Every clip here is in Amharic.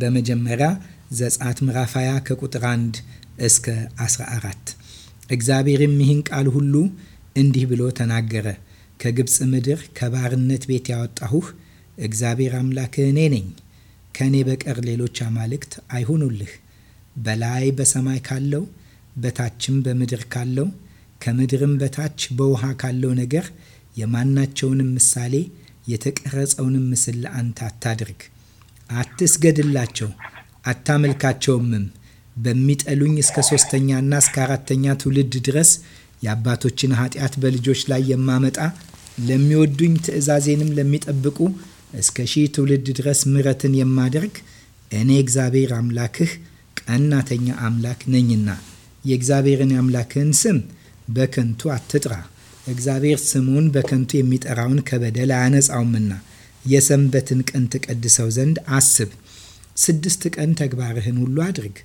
በመጀመሪያ ዘጸአት ምዕራፍ 20 ከቁጥር 1 እስከ 14 እግዚአብሔርም ይህን ቃል ሁሉ እንዲህ ብሎ ተናገረ። ከግብፅ ምድር ከባርነት ቤት ያወጣሁህ እግዚአብሔር አምላክ እኔ ነኝ። ከእኔ በቀር ሌሎች አማልክት አይሁኑልህ። በላይ በሰማይ ካለው በታችም በምድር ካለው ከምድርም በታች በውሃ ካለው ነገር የማናቸውንም ምሳሌ የተቀረጸውንም ምስል ለአንተ አታድርግ። አትስገድላቸው አታመልካቸውምም በሚጠሉኝ እስከ ሶስተኛና እስከ አራተኛ ትውልድ ድረስ የአባቶችን ኃጢአት በልጆች ላይ የማመጣ ለሚወዱኝ ትእዛዜንም ለሚጠብቁ እስከ ሺህ ትውልድ ድረስ ምረትን የማደርግ እኔ እግዚአብሔር አምላክህ ቀናተኛ አምላክ ነኝና የእግዚአብሔርን አምላክህን ስም በከንቱ አትጥራ። እግዚአብሔር ስሙን በከንቱ የሚጠራውን ከበደል አያነጻውምና የሰንበትን ቀን ትቀድሰው ዘንድ አስብ። ስድስት ቀን ተግባርህን ሁሉ አድርግ።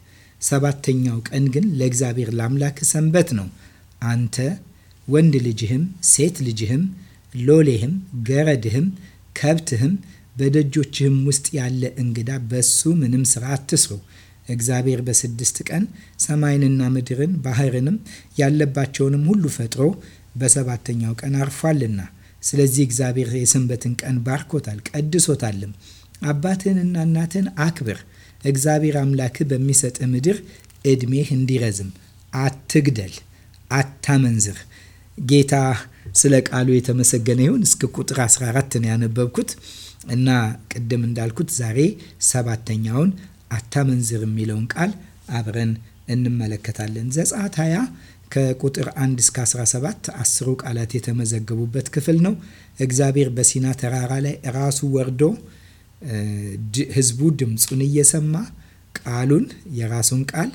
ሰባተኛው ቀን ግን ለእግዚአብሔር ለአምላክ ሰንበት ነው። አንተ ወንድ ልጅህም፣ ሴት ልጅህም፣ ሎሌህም፣ ገረድህም፣ ከብትህም በደጆችህም ውስጥ ያለ እንግዳ በሱ ምንም ስራ አትስሩ። እግዚአብሔር በስድስት ቀን ሰማይንና ምድርን ባህርንም ያለባቸውንም ሁሉ ፈጥሮ በሰባተኛው ቀን አርፏልና ስለዚህ እግዚአብሔር የሰንበትን ቀን ባርኮታል ቀድሶታልም። አባትህንና እናትህን አክብር፣ እግዚአብሔር አምላክህ በሚሰጥህ ምድር ዕድሜህ እንዲረዝም። አትግደል፣ አታመንዝር። ጌታ ስለ ቃሉ የተመሰገነ ይሁን። እስከ ቁጥር 14 ነው ያነበብኩት እና ቅድም እንዳልኩት ዛሬ ሰባተኛውን አታመንዝር የሚለውን ቃል አብረን እንመለከታለን። ዘጸአት 20 ከቁጥር 1 እስከ 17 አስሩ ቃላት የተመዘገቡበት ክፍል ነው። እግዚአብሔር በሲና ተራራ ላይ ራሱ ወርዶ ህዝቡ ድምፁን እየሰማ ቃሉን የራሱን ቃል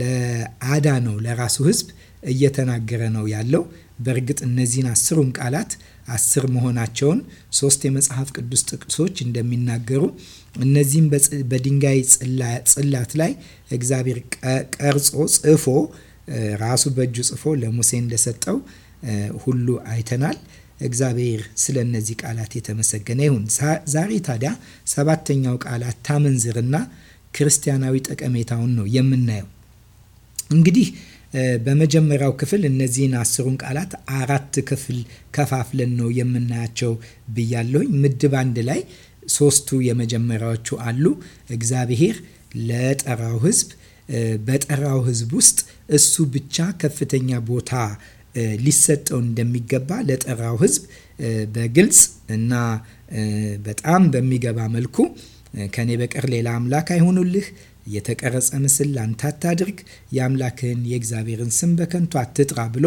ለአዳ ነው ለራሱ ህዝብ እየተናገረ ነው ያለው። በእርግጥ እነዚህን አስሩን ቃላት አስር መሆናቸውን ሶስት የመጽሐፍ ቅዱስ ጥቅሶች እንደሚናገሩ እነዚህም በድንጋይ ጽላት ላይ እግዚአብሔር ቀርጾ ጽፎ ራሱ በእጁ ጽፎ ለሙሴ እንደሰጠው ሁሉ አይተናል። እግዚአብሔር ስለ እነዚህ ቃላት የተመሰገነ ይሁን። ዛሬ ታዲያ ሰባተኛው ቃል አታመንዝርና ክርስቲያናዊ ጠቀሜታውን ነው የምናየው። እንግዲህ በመጀመሪያው ክፍል እነዚህን አስሩን ቃላት አራት ክፍል ከፋፍለን ነው የምናያቸው ብያለሁኝ። ምድብ አንድ ላይ ሶስቱ የመጀመሪያዎቹ አሉ። እግዚአብሔር ለጠራው ሕዝብ በጠራው ህዝብ ውስጥ እሱ ብቻ ከፍተኛ ቦታ ሊሰጠው እንደሚገባ ለጠራው ህዝብ በግልጽ እና በጣም በሚገባ መልኩ ከኔ በቀር ሌላ አምላክ አይሆኑልህ፣ የተቀረጸ ምስል ላንተ አታድርግ፣ የአምላክህን የእግዚአብሔርን ስም በከንቱ አትጥራ ብሎ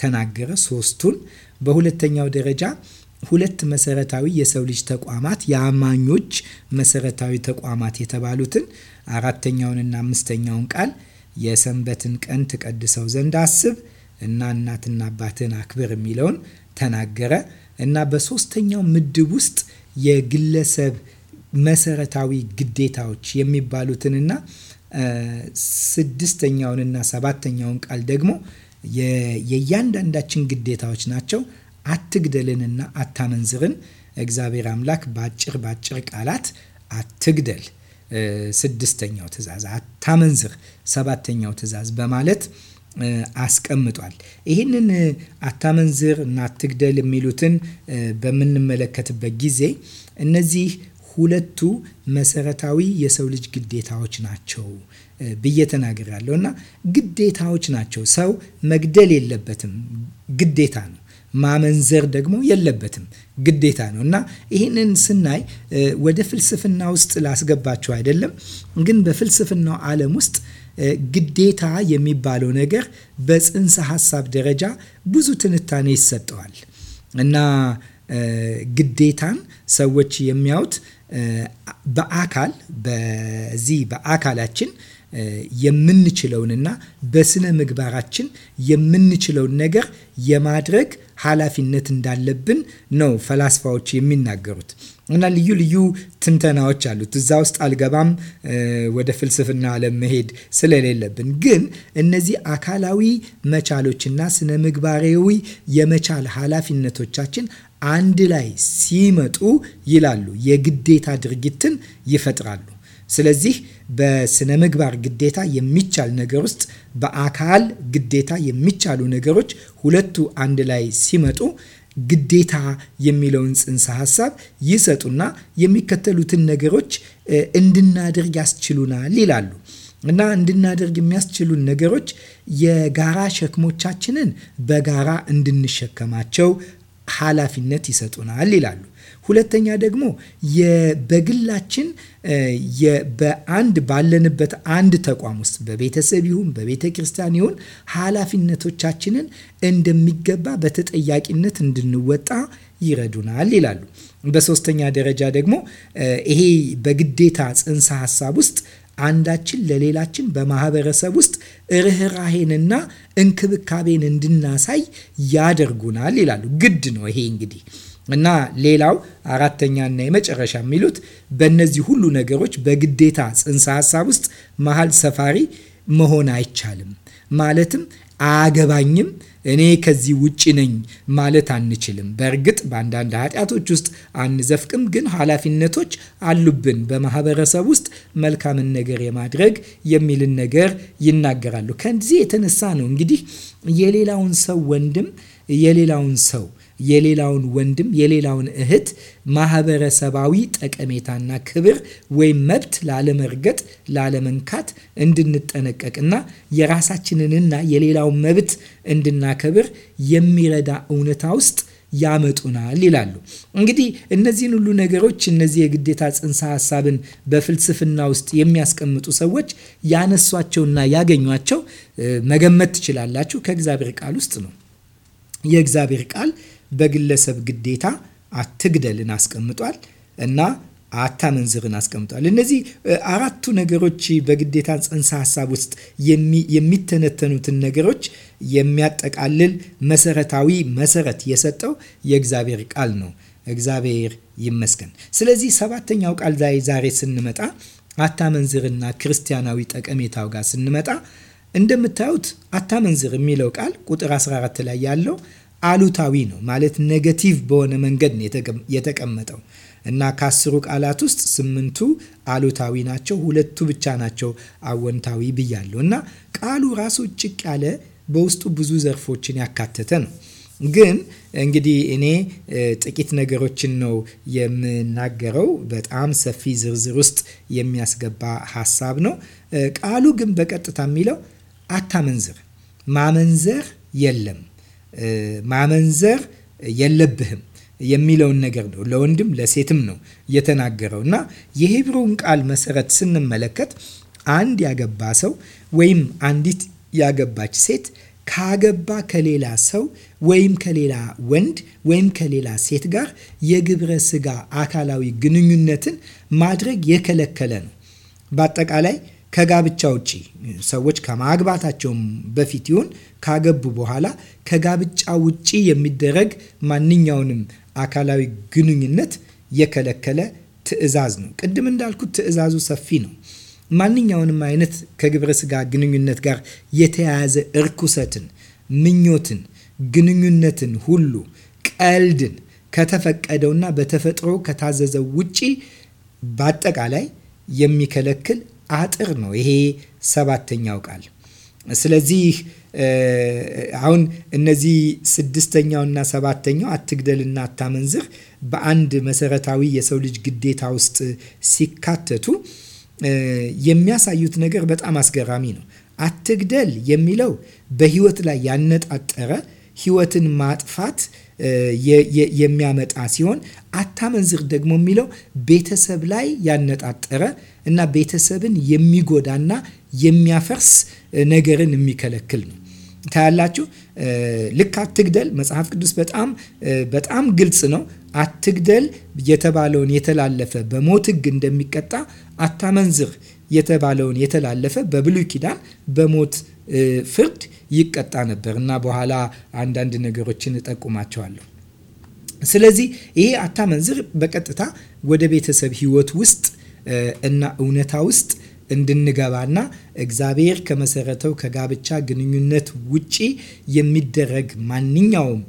ተናገረ። ሶስቱን። በሁለተኛው ደረጃ ሁለት መሰረታዊ የሰው ልጅ ተቋማት የአማኞች መሰረታዊ ተቋማት የተባሉትን አራተኛውንና አምስተኛውን ቃል የሰንበትን ቀን ትቀድሰው ዘንድ አስብ እና እናትና አባትን አክብር የሚለውን ተናገረ እና በሶስተኛው ምድብ ውስጥ የግለሰብ መሰረታዊ ግዴታዎች የሚባሉትንና ስድስተኛውንና ሰባተኛውን ቃል ደግሞ የእያንዳንዳችን ግዴታዎች ናቸው። አትግደልንና አታመንዝርን እግዚአብሔር አምላክ በአጭር በአጭር ቃላት አትግደል ስድስተኛው ትእዛዝ አታመንዝር፣ ሰባተኛው ትእዛዝ በማለት አስቀምጧል። ይህንን አታመንዝር እና አትግደል የሚሉትን በምንመለከትበት ጊዜ እነዚህ ሁለቱ መሰረታዊ የሰው ልጅ ግዴታዎች ናቸው ብዬ ተናግሬያለሁ እና ግዴታዎች ናቸው። ሰው መግደል የለበትም፣ ግዴታ ነው። ማመንዘር ደግሞ የለበትም ግዴታ ነው እና ይህንን ስናይ ወደ ፍልስፍና ውስጥ ላስገባቸው አይደለም፣ ግን በፍልስፍናው ዓለም ውስጥ ግዴታ የሚባለው ነገር በጽንሰ ሀሳብ ደረጃ ብዙ ትንታኔ ይሰጠዋል እና ግዴታን ሰዎች የሚያዩት በአካል በዚህ በአካላችን የምንችለውንና በስነ ምግባራችን የምንችለውን ነገር የማድረግ ኃላፊነት እንዳለብን ነው ፈላስፋዎች የሚናገሩት እና ልዩ ልዩ ትንተናዎች አሉት። እዛ ውስጥ አልገባም፣ ወደ ፍልስፍና ዓለም መሄድ ስለሌለብን። ግን እነዚህ አካላዊ መቻሎችና ስነ ምግባራዊ የመቻል ኃላፊነቶቻችን አንድ ላይ ሲመጡ ይላሉ የግዴታ ድርጊትን ይፈጥራሉ። ስለዚህ በስነ ምግባር ግዴታ የሚቻል ነገር ውስጥ በአካል ግዴታ የሚቻሉ ነገሮች ሁለቱ አንድ ላይ ሲመጡ ግዴታ የሚለውን ጽንሰ ሀሳብ ይሰጡና የሚከተሉትን ነገሮች እንድናደርግ ያስችሉናል ይላሉ እና እንድናደርግ የሚያስችሉን ነገሮች የጋራ ሸክሞቻችንን በጋራ እንድንሸከማቸው ኃላፊነት ይሰጡናል ይላሉ። ሁለተኛ ደግሞ በግላችን በአንድ ባለንበት አንድ ተቋም ውስጥ በቤተሰብ ይሁን በቤተ ክርስቲያን ይሁን ኃላፊነቶቻችንን እንደሚገባ በተጠያቂነት እንድንወጣ ይረዱናል ይላሉ። በሶስተኛ ደረጃ ደግሞ ይሄ በግዴታ ጽንሰ ሀሳብ ውስጥ አንዳችን ለሌላችን በማህበረሰብ ውስጥ ርኅራሄንና እንክብካቤን እንድናሳይ ያደርጉናል ይላሉ። ግድ ነው ይሄ እንግዲህ እና ሌላው አራተኛና የመጨረሻ የሚሉት በእነዚህ ሁሉ ነገሮች በግዴታ ጽንሰ ሀሳብ ውስጥ መሀል ሰፋሪ መሆን አይቻልም። ማለትም አያገባኝም፣ እኔ ከዚህ ውጭ ነኝ ማለት አንችልም። በእርግጥ በአንዳንድ ኃጢአቶች ውስጥ አንዘፍቅም፣ ግን ኃላፊነቶች አሉብን። በማህበረሰብ ውስጥ መልካምን ነገር የማድረግ የሚልን ነገር ይናገራሉ። ከዚህ የተነሳ ነው እንግዲህ የሌላውን ሰው ወንድም የሌላውን ሰው የሌላውን ወንድም የሌላውን እህት ማህበረሰባዊ ጠቀሜታና ክብር ወይም መብት ላለመርገጥ፣ ላለመንካት እንድንጠነቀቅና የራሳችንንና የሌላውን መብት እንድናከብር የሚረዳ እውነታ ውስጥ ያመጡናል ይላሉ። እንግዲህ እነዚህን ሁሉ ነገሮች እነዚህ የግዴታ ጽንሰ ሀሳብን በፍልስፍና ውስጥ የሚያስቀምጡ ሰዎች ያነሷቸውና ያገኟቸው መገመት ትችላላችሁ ከእግዚአብሔር ቃል ውስጥ ነው። የእግዚአብሔር ቃል በግለሰብ ግዴታ አትግደልን አስቀምጧል እና አታመንዝርን አስቀምጧል። እነዚህ አራቱ ነገሮች በግዴታ ጽንሰ ሀሳብ ውስጥ የሚተነተኑትን ነገሮች የሚያጠቃልል መሰረታዊ መሰረት የሰጠው የእግዚአብሔር ቃል ነው። እግዚአብሔር ይመስገን። ስለዚህ ሰባተኛው ቃል ዛሬ ስንመጣ አታመንዝርና ክርስቲያናዊ ጠቀሜታው ጋር ስንመጣ እንደምታዩት አታመንዝር የሚለው ቃል ቁጥር 14 ላይ ያለው አሉታዊ ነው ማለት ኔጌቲቭ በሆነ መንገድ ነው የተቀመጠው እና ከአስሩ ቃላት ውስጥ ስምንቱ አሉታዊ ናቸው፣ ሁለቱ ብቻ ናቸው አወንታዊ ብያለሁ። እና ቃሉ ራሱ ጭቅ ያለ በውስጡ ብዙ ዘርፎችን ያካተተ ነው። ግን እንግዲህ እኔ ጥቂት ነገሮችን ነው የምናገረው። በጣም ሰፊ ዝርዝር ውስጥ የሚያስገባ ሀሳብ ነው። ቃሉ ግን በቀጥታ የሚለው አታመንዝር፣ ማመንዘር የለም ማመንዘር የለብህም የሚለውን ነገር ነው። ለወንድም ለሴትም ነው የተናገረው እና የሂብሩን ቃል መሰረት ስንመለከት አንድ ያገባ ሰው ወይም አንዲት ያገባች ሴት ካገባ ከሌላ ሰው ወይም ከሌላ ወንድ ወይም ከሌላ ሴት ጋር የግብረ ስጋ አካላዊ ግንኙነትን ማድረግ የከለከለ ነው። በአጠቃላይ ከጋብቻ ውጪ ሰዎች ከማግባታቸውም በፊት ይሁን ካገቡ በኋላ ከጋብቻ ውጪ የሚደረግ ማንኛውንም አካላዊ ግንኙነት የከለከለ ትዕዛዝ ነው። ቅድም እንዳልኩት ትዕዛዙ ሰፊ ነው። ማንኛውንም አይነት ከግብረ ስጋ ግንኙነት ጋር የተያያዘ እርኩሰትን፣ ምኞትን፣ ግንኙነትን ሁሉ ቀልድን ከተፈቀደውና በተፈጥሮ ከታዘዘው ውጪ በአጠቃላይ የሚከለክል አጥር ነው ይሄ ሰባተኛው ቃል። ስለዚህ አሁን እነዚህ ስድስተኛውና ሰባተኛው አትግደልና አታመንዝር በአንድ መሰረታዊ የሰው ልጅ ግዴታ ውስጥ ሲካተቱ የሚያሳዩት ነገር በጣም አስገራሚ ነው። አትግደል የሚለው በህይወት ላይ ያነጣጠረ ህይወትን ማጥፋት የሚያመጣ ሲሆን አታመንዝር ደግሞ የሚለው ቤተሰብ ላይ ያነጣጠረ እና ቤተሰብን የሚጎዳና የሚያፈርስ ነገርን የሚከለክል ነው። ታያላችሁ። ልክ አትግደል መጽሐፍ ቅዱስ በጣም በጣም ግልጽ ነው። አትግደል የተባለውን የተላለፈ በሞት ሕግ እንደሚቀጣ አታመንዝር የተባለውን የተላለፈ በብሉይ ኪዳን በሞት ፍርድ ይቀጣ ነበር እና በኋላ አንዳንድ ነገሮችን እጠቁማቸዋለሁ። ስለዚህ ይሄ አታመንዝር በቀጥታ ወደ ቤተሰብ ህይወት ውስጥ እና እውነታ ውስጥ እንድንገባና እግዚአብሔር ከመሰረተው ከጋብቻ ግንኙነት ውጪ የሚደረግ ማንኛውም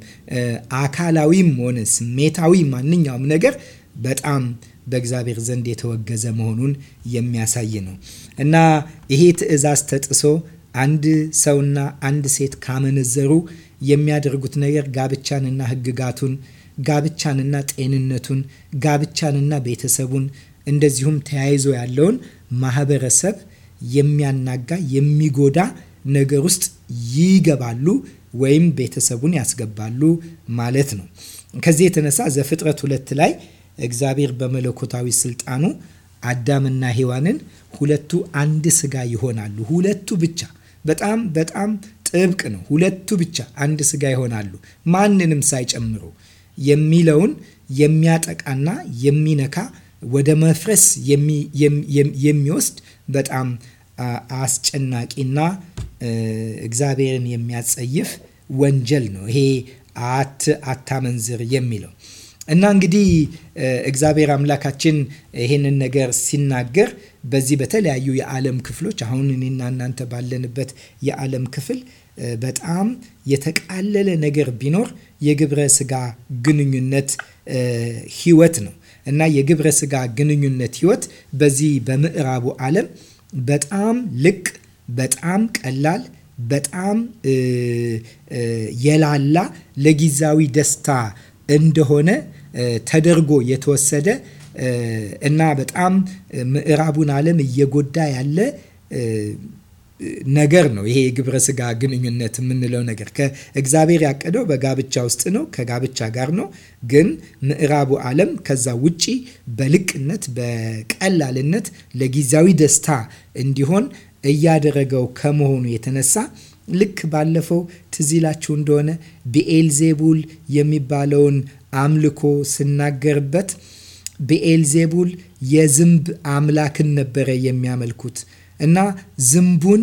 አካላዊም ሆነ ስሜታዊ ማንኛውም ነገር በጣም በእግዚአብሔር ዘንድ የተወገዘ መሆኑን የሚያሳይ ነው እና ይሄ ትዕዛዝ ተጥሶ አንድ ሰውና አንድ ሴት ካመነዘሩ የሚያደርጉት ነገር ጋብቻንና ሕግጋቱን ጋብቻንና ጤንነቱን ጋብቻንና ቤተሰቡን እንደዚሁም ተያይዞ ያለውን ማህበረሰብ የሚያናጋ የሚጎዳ ነገር ውስጥ ይገባሉ ወይም ቤተሰቡን ያስገባሉ ማለት ነው። ከዚህ የተነሳ ዘፍጥረት ሁለት ላይ እግዚአብሔር በመለኮታዊ ስልጣኑ አዳምና ሔዋንን ሁለቱ አንድ ስጋ ይሆናሉ። ሁለቱ ብቻ በጣም በጣም ጥብቅ ነው። ሁለቱ ብቻ አንድ ስጋ ይሆናሉ ማንንም ሳይጨምሩ የሚለውን የሚያጠቃና የሚነካ ወደ መፍረስ የሚወስድ በጣም አስጨናቂና እግዚአብሔርን የሚያጸይፍ ወንጀል ነው ይሄ አት አታመንዝር የሚለው እና እንግዲህ እግዚአብሔር አምላካችን ይህንን ነገር ሲናገር በዚህ በተለያዩ የዓለም ክፍሎች አሁን እኔና እናንተ ባለንበት የዓለም ክፍል በጣም የተቃለለ ነገር ቢኖር የግብረ ስጋ ግንኙነት ህይወት ነው። እና የግብረ ስጋ ግንኙነት ህይወት በዚህ በምዕራቡ ዓለም በጣም ልቅ፣ በጣም ቀላል፣ በጣም የላላ ለጊዜያዊ ደስታ እንደሆነ ተደርጎ የተወሰደ እና በጣም ምዕራቡን ዓለም እየጎዳ ያለ ነገር ነው። ይሄ የግብረ ስጋ ግንኙነት የምንለው ነገር ከእግዚአብሔር ያቀደው በጋብቻ ውስጥ ነው፣ ከጋብቻ ጋር ነው። ግን ምዕራቡ ዓለም ከዛ ውጪ በልቅነት በቀላልነት ለጊዜያዊ ደስታ እንዲሆን እያደረገው ከመሆኑ የተነሳ ልክ ባለፈው ትዝ ይላችሁ እንደሆነ ብኤልዜቡል የሚባለውን አምልኮ ስናገርበት ብኤልዜቡል የዝንብ አምላክን ነበረ የሚያመልኩት እና ዝንቡን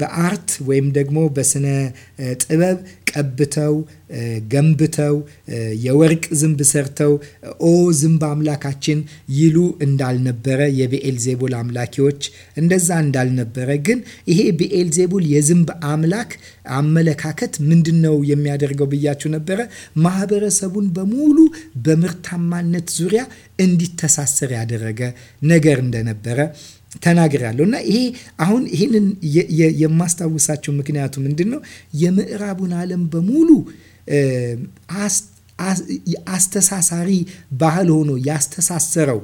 በአርት ወይም ደግሞ በስነ ጥበብ ቀብተው ገንብተው የወርቅ ዝንብ ሰርተው ኦ ዝንብ አምላካችን ይሉ እንዳልነበረ ዜቡል አምላኪዎች እንደዛ እንዳልነበረ፣ ግን ይሄ ዜቡል የዝንብ አምላክ አመለካከት ምንድን ነው የሚያደርገው ብያችሁ ነበረ። ማህበረሰቡን በሙሉ በምርታማነት ዙሪያ እንዲተሳሰር ያደረገ ነገር እንደነበረ ተናግሬያለሁ እና ይሄ አሁን ይህንን የማስታውሳቸው ምክንያቱ ምንድን ነው? የምዕራቡን ዓለም በሙሉ አስተሳሳሪ ባህል ሆኖ ያስተሳሰረው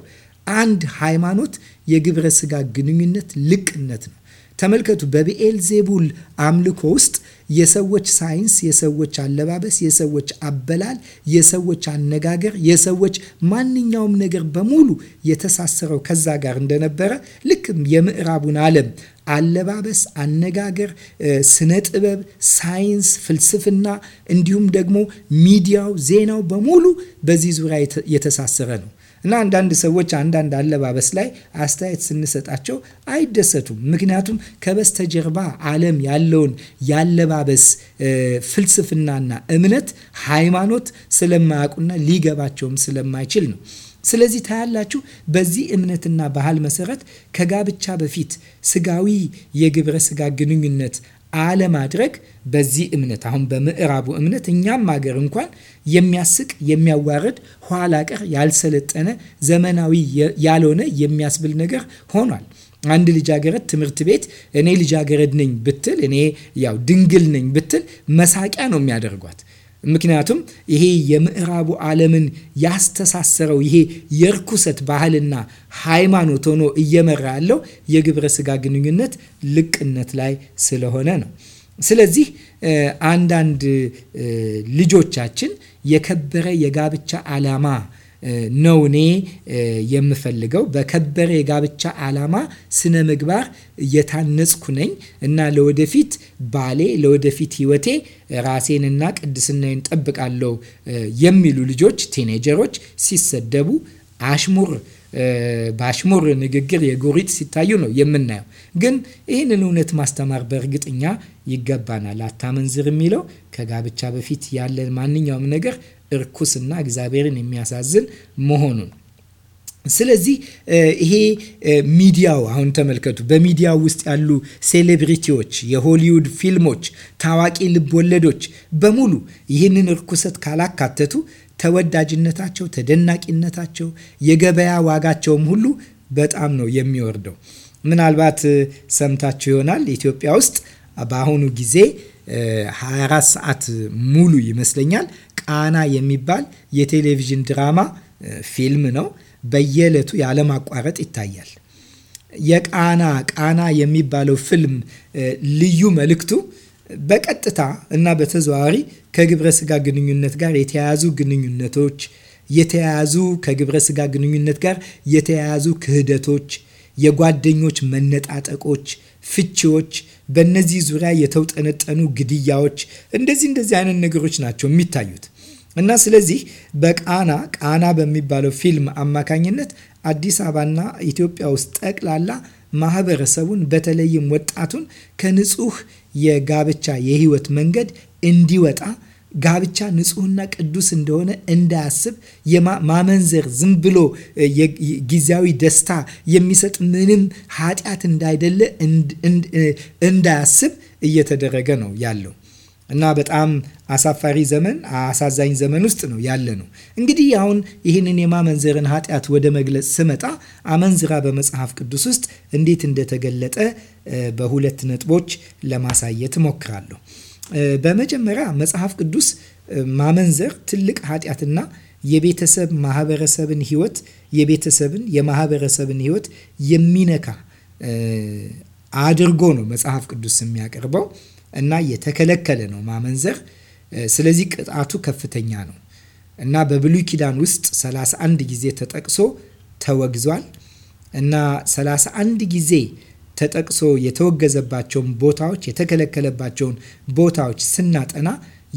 አንድ ሃይማኖት የግብረ ስጋ ግንኙነት ልቅነት ነው። ተመልከቱ፣ በብኤል ዜቡል አምልኮ ውስጥ የሰዎች ሳይንስ፣ የሰዎች አለባበስ፣ የሰዎች አበላል፣ የሰዎች አነጋገር፣ የሰዎች ማንኛውም ነገር በሙሉ የተሳሰረው ከዛ ጋር እንደነበረ ልክም የምዕራቡን ዓለም አለባበስ፣ አነጋገር፣ ስነ ጥበብ፣ ሳይንስ፣ ፍልስፍና እንዲሁም ደግሞ ሚዲያው፣ ዜናው በሙሉ በዚህ ዙሪያ የተሳሰረ ነው። እና አንዳንድ ሰዎች አንዳንድ አለባበስ ላይ አስተያየት ስንሰጣቸው አይደሰቱም። ምክንያቱም ከበስተጀርባ ዓለም ያለውን ያለባበስ ፍልስፍናና እምነት ሃይማኖት ስለማያውቁና ሊገባቸውም ስለማይችል ነው። ስለዚህ ታያላችሁ፣ በዚህ እምነትና ባህል መሰረት ከጋብቻ በፊት ስጋዊ የግብረ ስጋ ግንኙነት አለማድረግ በዚህ እምነት አሁን በምዕራቡ እምነት እኛም ሀገር እንኳን የሚያስቅ የሚያዋርድ ኋላ ቀር ያልሰለጠነ ዘመናዊ ያልሆነ የሚያስብል ነገር ሆኗል። አንድ ልጃገረድ ትምህርት ቤት እኔ ልጃገረድ ነኝ ብትል፣ እኔ ያው ድንግል ነኝ ብትል መሳቂያ ነው የሚያደርጓት። ምክንያቱም ይሄ የምዕራቡ ዓለምን ያስተሳሰረው ይሄ የርኩሰት ባህልና ሃይማኖት ሆኖ እየመራ ያለው የግብረ ስጋ ግንኙነት ልቅነት ላይ ስለሆነ ነው። ስለዚህ አንዳንድ ልጆቻችን የከበረ የጋብቻ ዓላማ ነው እኔ የምፈልገው። በከበረ የጋብቻ ዓላማ ስነ ምግባር እየታነጽኩ ነኝ እና ለወደፊት ባሌ ለወደፊት ህይወቴ ራሴንና ቅድስናዬን ጠብቃለሁ የሚሉ ልጆች ቲኔጀሮች ሲሰደቡ አሽሙር በአሽሙር ንግግር የጎሪጥ ሲታዩ ነው የምናየው። ግን ይህንን እውነት ማስተማር በእርግጥኛ ይገባናል። አታመንዝር የሚለው ከጋብቻ በፊት ያለን ማንኛውም ነገር እርኩስና እግዚአብሔርን የሚያሳዝን መሆኑን ስለዚህ ይሄ ሚዲያው አሁን ተመልከቱ። በሚዲያ ውስጥ ያሉ ሴሌብሪቲዎች፣ የሆሊውድ ፊልሞች፣ ታዋቂ ወለዶች በሙሉ ይህንን እርኩሰት ካላካተቱ ተወዳጅነታቸው፣ ተደናቂነታቸው፣ የገበያ ዋጋቸውም ሁሉ በጣም ነው የሚወርደው። ምናልባት ሰምታችሁ ይሆናል ኢትዮጵያ ውስጥ በአሁኑ ጊዜ 24 ሰዓት ሙሉ ይመስለኛል ቃና የሚባል የቴሌቪዥን ድራማ ፊልም ነው። በየዕለቱ ያለማቋረጥ ይታያል። የቃና ቃና የሚባለው ፊልም ልዩ መልእክቱ በቀጥታ እና በተዘዋዋሪ ከግብረ ስጋ ግንኙነት ጋር የተያያዙ ግንኙነቶች፣ የተያያዙ ከግብረ ስጋ ግንኙነት ጋር የተያያዙ ክህደቶች፣ የጓደኞች መነጣጠቆች፣ ፍቺዎች በእነዚህ ዙሪያ የተውጠነጠኑ ግድያዎች፣ እንደዚህ እንደዚህ አይነት ነገሮች ናቸው የሚታዩት እና ስለዚህ በቃና ቃና በሚባለው ፊልም አማካኝነት አዲስ አበባና ኢትዮጵያ ውስጥ ጠቅላላ ማህበረሰቡን በተለይም ወጣቱን ከንጹህ የጋብቻ የህይወት መንገድ እንዲወጣ ጋብቻ ንጹህና ቅዱስ እንደሆነ እንዳያስብ ማመንዘር ዝም ብሎ ጊዜያዊ ደስታ የሚሰጥ ምንም ኃጢአት እንዳይደለ እንዳያስብ እየተደረገ ነው ያለው እና በጣም አሳፋሪ ዘመን፣ አሳዛኝ ዘመን ውስጥ ነው ያለ ነው። እንግዲህ አሁን ይህንን የማመንዘርን ኃጢአት ወደ መግለጽ ስመጣ አመንዝራ በመጽሐፍ ቅዱስ ውስጥ እንዴት እንደተገለጠ በሁለት ነጥቦች ለማሳየት እሞክራለሁ። በመጀመሪያ መጽሐፍ ቅዱስ ማመንዘር ትልቅ ኃጢአትና የቤተሰብ ማህበረሰብን ህይወት የቤተሰብን የማህበረሰብን ህይወት የሚነካ አድርጎ ነው መጽሐፍ ቅዱስ የሚያቀርበው እና የተከለከለ ነው ማመንዘር። ስለዚህ ቅጣቱ ከፍተኛ ነው እና በብሉይ ኪዳን ውስጥ 31 ጊዜ ተጠቅሶ ተወግዟል እና 31 ጊዜ ተጠቅሶ የተወገዘባቸውን ቦታዎች የተከለከለባቸውን ቦታዎች ስናጠና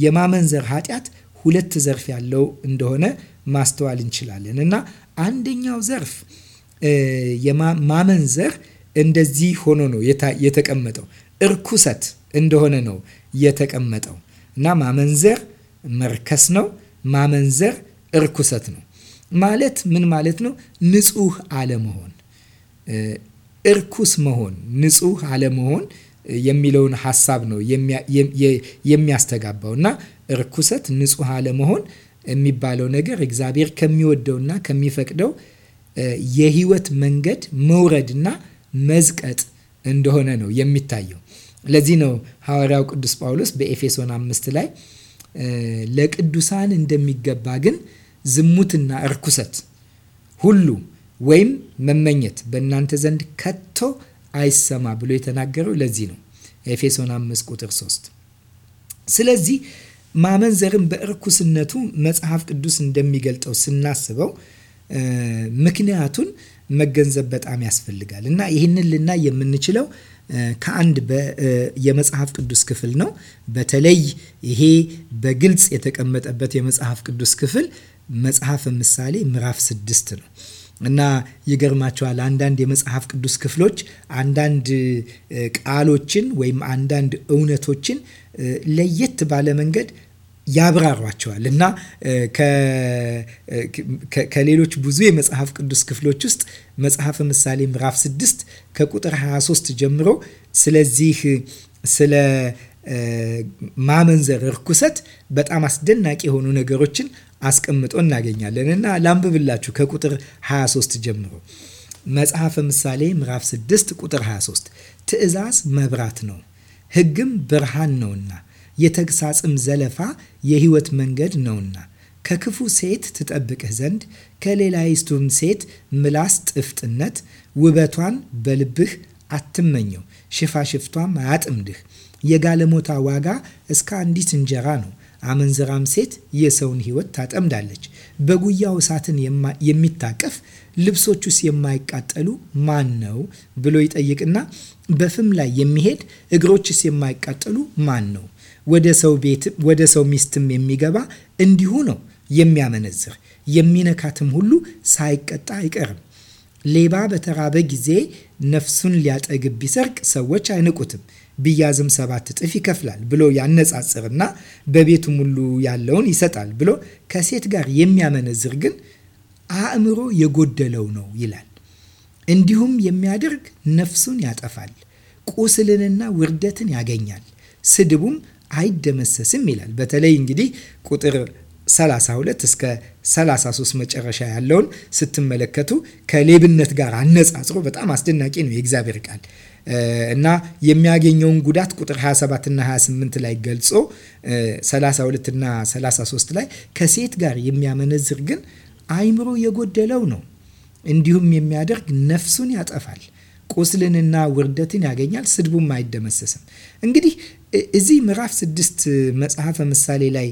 የማመንዘር ኃጢአት ሁለት ዘርፍ ያለው እንደሆነ ማስተዋል እንችላለን እና አንደኛው ዘርፍ ማመንዘር እንደዚህ ሆኖ ነው የተቀመጠው፣ እርኩሰት እንደሆነ ነው የተቀመጠው እና ማመንዘር መርከስ ነው። ማመንዘር እርኩሰት ነው ማለት ምን ማለት ነው? ንጹህ አለመሆን እርኩስ መሆን ንጹህ አለመሆን የሚለውን ሀሳብ ነው የሚያስተጋባው እና እርኩሰት ንጹህ አለመሆን የሚባለው ነገር እግዚአብሔር ከሚወደውና ከሚፈቅደው የህይወት መንገድ መውረድና መዝቀጥ እንደሆነ ነው የሚታየው። ለዚህ ነው ሐዋርያው ቅዱስ ጳውሎስ በኤፌሶን አምስት ላይ ለቅዱሳን እንደሚገባ ግን ዝሙትና እርኩሰት ሁሉ ወይም መመኘት በእናንተ ዘንድ ከቶ አይሰማ ብሎ የተናገረው ለዚህ ነው። ኤፌሶን 5 ቁጥር 3። ስለዚህ ማመንዘርን በእርኩስነቱ መጽሐፍ ቅዱስ እንደሚገልጠው ስናስበው ምክንያቱን መገንዘብ በጣም ያስፈልጋል እና ይህንን ልናይ የምንችለው ከአንድ የመጽሐፍ ቅዱስ ክፍል ነው። በተለይ ይሄ በግልጽ የተቀመጠበት የመጽሐፍ ቅዱስ ክፍል መጽሐፈ ምሳሌ ምዕራፍ ስድስት ነው። እና ይገርማቸዋል። አንዳንድ የመጽሐፍ ቅዱስ ክፍሎች አንዳንድ ቃሎችን ወይም አንዳንድ እውነቶችን ለየት ባለ መንገድ ያብራሯቸዋል እና ከሌሎች ብዙ የመጽሐፍ ቅዱስ ክፍሎች ውስጥ መጽሐፈ ምሳሌ ምዕራፍ 6 ከቁጥር 23 ጀምሮ ስለዚህ ስለ ማመንዘር ርኩሰት በጣም አስደናቂ የሆኑ ነገሮችን አስቀምጦ እናገኛለን እና ላንብብላችሁ ከቁጥር 23 ጀምሮ መጽሐፈ ምሳሌ ምዕራፍ 6 ቁጥር 23 ትእዛዝ መብራት ነው፣ ሕግም ብርሃን ነውና የተግሳጽም ዘለፋ የሕይወት መንገድ ነውና ከክፉ ሴት ትጠብቅህ ዘንድ ከሌላይስቱም ሴት ምላስ ጥፍጥነት። ውበቷን በልብህ አትመኘው፣ ሽፋሽፍቷም አያጥምድህ። የጋለሞታ ዋጋ እስከ አንዲት እንጀራ ነው፣ አመንዝራም ሴት የሰውን ሕይወት ታጠምዳለች። በጉያው እሳትን የሚታቀፍ ልብሶቹስ የማይቃጠሉ ማን ነው ብሎ ይጠይቅና በፍም ላይ የሚሄድ እግሮችስ የማይቃጠሉ ማን ነው? ወደ ሰው ቤት ወደ ሰው ሚስትም የሚገባ እንዲሁ ነው የሚያመነዝር የሚነካትም ሁሉ ሳይቀጣ አይቀርም። ሌባ በተራበ ጊዜ ነፍሱን ሊያጠግብ ቢሰርቅ ሰዎች አይንቁትም። ቢያዝም ሰባት እጥፍ ይከፍላል ብሎ ያነጻጽርና በቤቱም ሁሉ ያለውን ይሰጣል ብሎ ከሴት ጋር የሚያመነዝር ግን አእምሮ የጎደለው ነው ይላል። እንዲሁም የሚያደርግ ነፍሱን ያጠፋል፣ ቁስልንና ውርደትን ያገኛል፣ ስድቡም አይደመሰስም ይላል። በተለይ እንግዲህ ቁጥር 32 እስከ 33 መጨረሻ ያለውን ስትመለከቱ ከሌብነት ጋር አነጻጽሮ በጣም አስደናቂ ነው የእግዚአብሔር ቃል እና የሚያገኘውን ጉዳት ቁጥር 27 እና 28 ላይ ገልጾ 32 እና 33 ላይ ከሴት ጋር የሚያመነዝር ግን አይምሮ የጎደለው ነው፣ እንዲሁም የሚያደርግ ነፍሱን ያጠፋል፣ ቁስልንና ውርደትን ያገኛል፣ ስድቡም አይደመሰስም። እንግዲህ እዚህ ምዕራፍ ስድስት መጽሐፈ ምሳሌ ላይ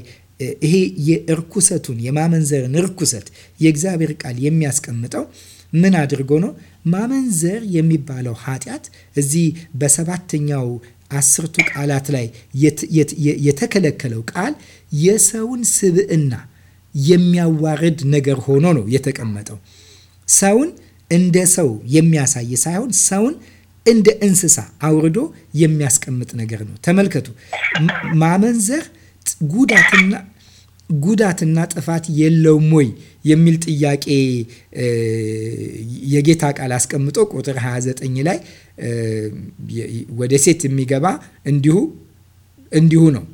ይሄ የእርኩሰቱን የማመንዘርን እርኩሰት የእግዚአብሔር ቃል የሚያስቀምጠው ምን አድርጎ ነው? ማመንዘር የሚባለው ኃጢአት እዚህ በሰባተኛው አስርቱ ቃላት ላይ የተከለከለው ቃል የሰውን ስብዕና የሚያዋርድ ነገር ሆኖ ነው የተቀመጠው። ሰውን እንደ ሰው የሚያሳይ ሳይሆን ሰውን እንደ እንስሳ አውርዶ የሚያስቀምጥ ነገር ነው። ተመልከቱ ማመንዘር ጉዳትና ጉዳትና ጥፋት የለውም ወይ የሚል ጥያቄ የጌታ ቃል አስቀምጦ ቁጥር 29 ላይ ወደ ሴት የሚገባ እንዲሁ እንዲሁ ነው።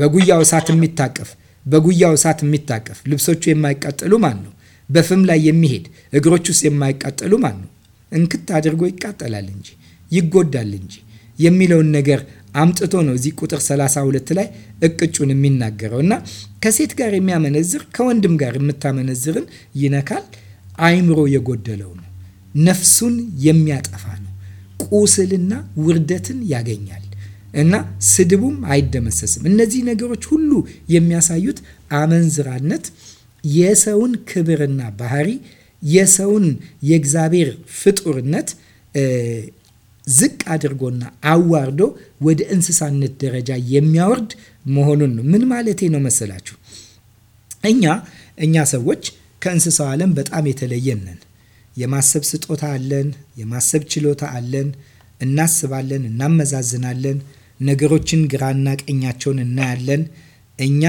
በጉያው እሳት የሚታቀፍ በጉያው እሳት የሚታቀፍ ልብሶቹ የማይቃጠሉ ማን ነው? በፍም ላይ የሚሄድ እግሮች ውስጥ የማይቃጠሉ ማን ነው? እንክት አድርጎ ይቃጠላል እንጂ ይጎዳል እንጂ የሚለውን ነገር አምጥቶ ነው እዚህ ቁጥር 32 ላይ እቅጩን የሚናገረው እና ከሴት ጋር የሚያመነዝር ከወንድም ጋር የምታመነዝርን ይነካል። አይምሮ የጎደለው ነው፣ ነፍሱን የሚያጠፋ ነው፣ ቁስልና ውርደትን ያገኛል እና ስድቡም አይደመሰስም። እነዚህ ነገሮች ሁሉ የሚያሳዩት አመንዝራነት የሰውን ክብርና ባህሪ የሰውን የእግዚአብሔር ፍጡርነት ዝቅ አድርጎና አዋርዶ ወደ እንስሳነት ደረጃ የሚያወርድ መሆኑን ነው። ምን ማለቴ ነው መሰላችሁ? እኛ እኛ ሰዎች ከእንስሳው ዓለም በጣም የተለየን ነን። የማሰብ ስጦታ አለን። የማሰብ ችሎታ አለን። እናስባለን፣ እናመዛዝናለን። ነገሮችን ግራና ቀኛቸውን እናያለን። እኛ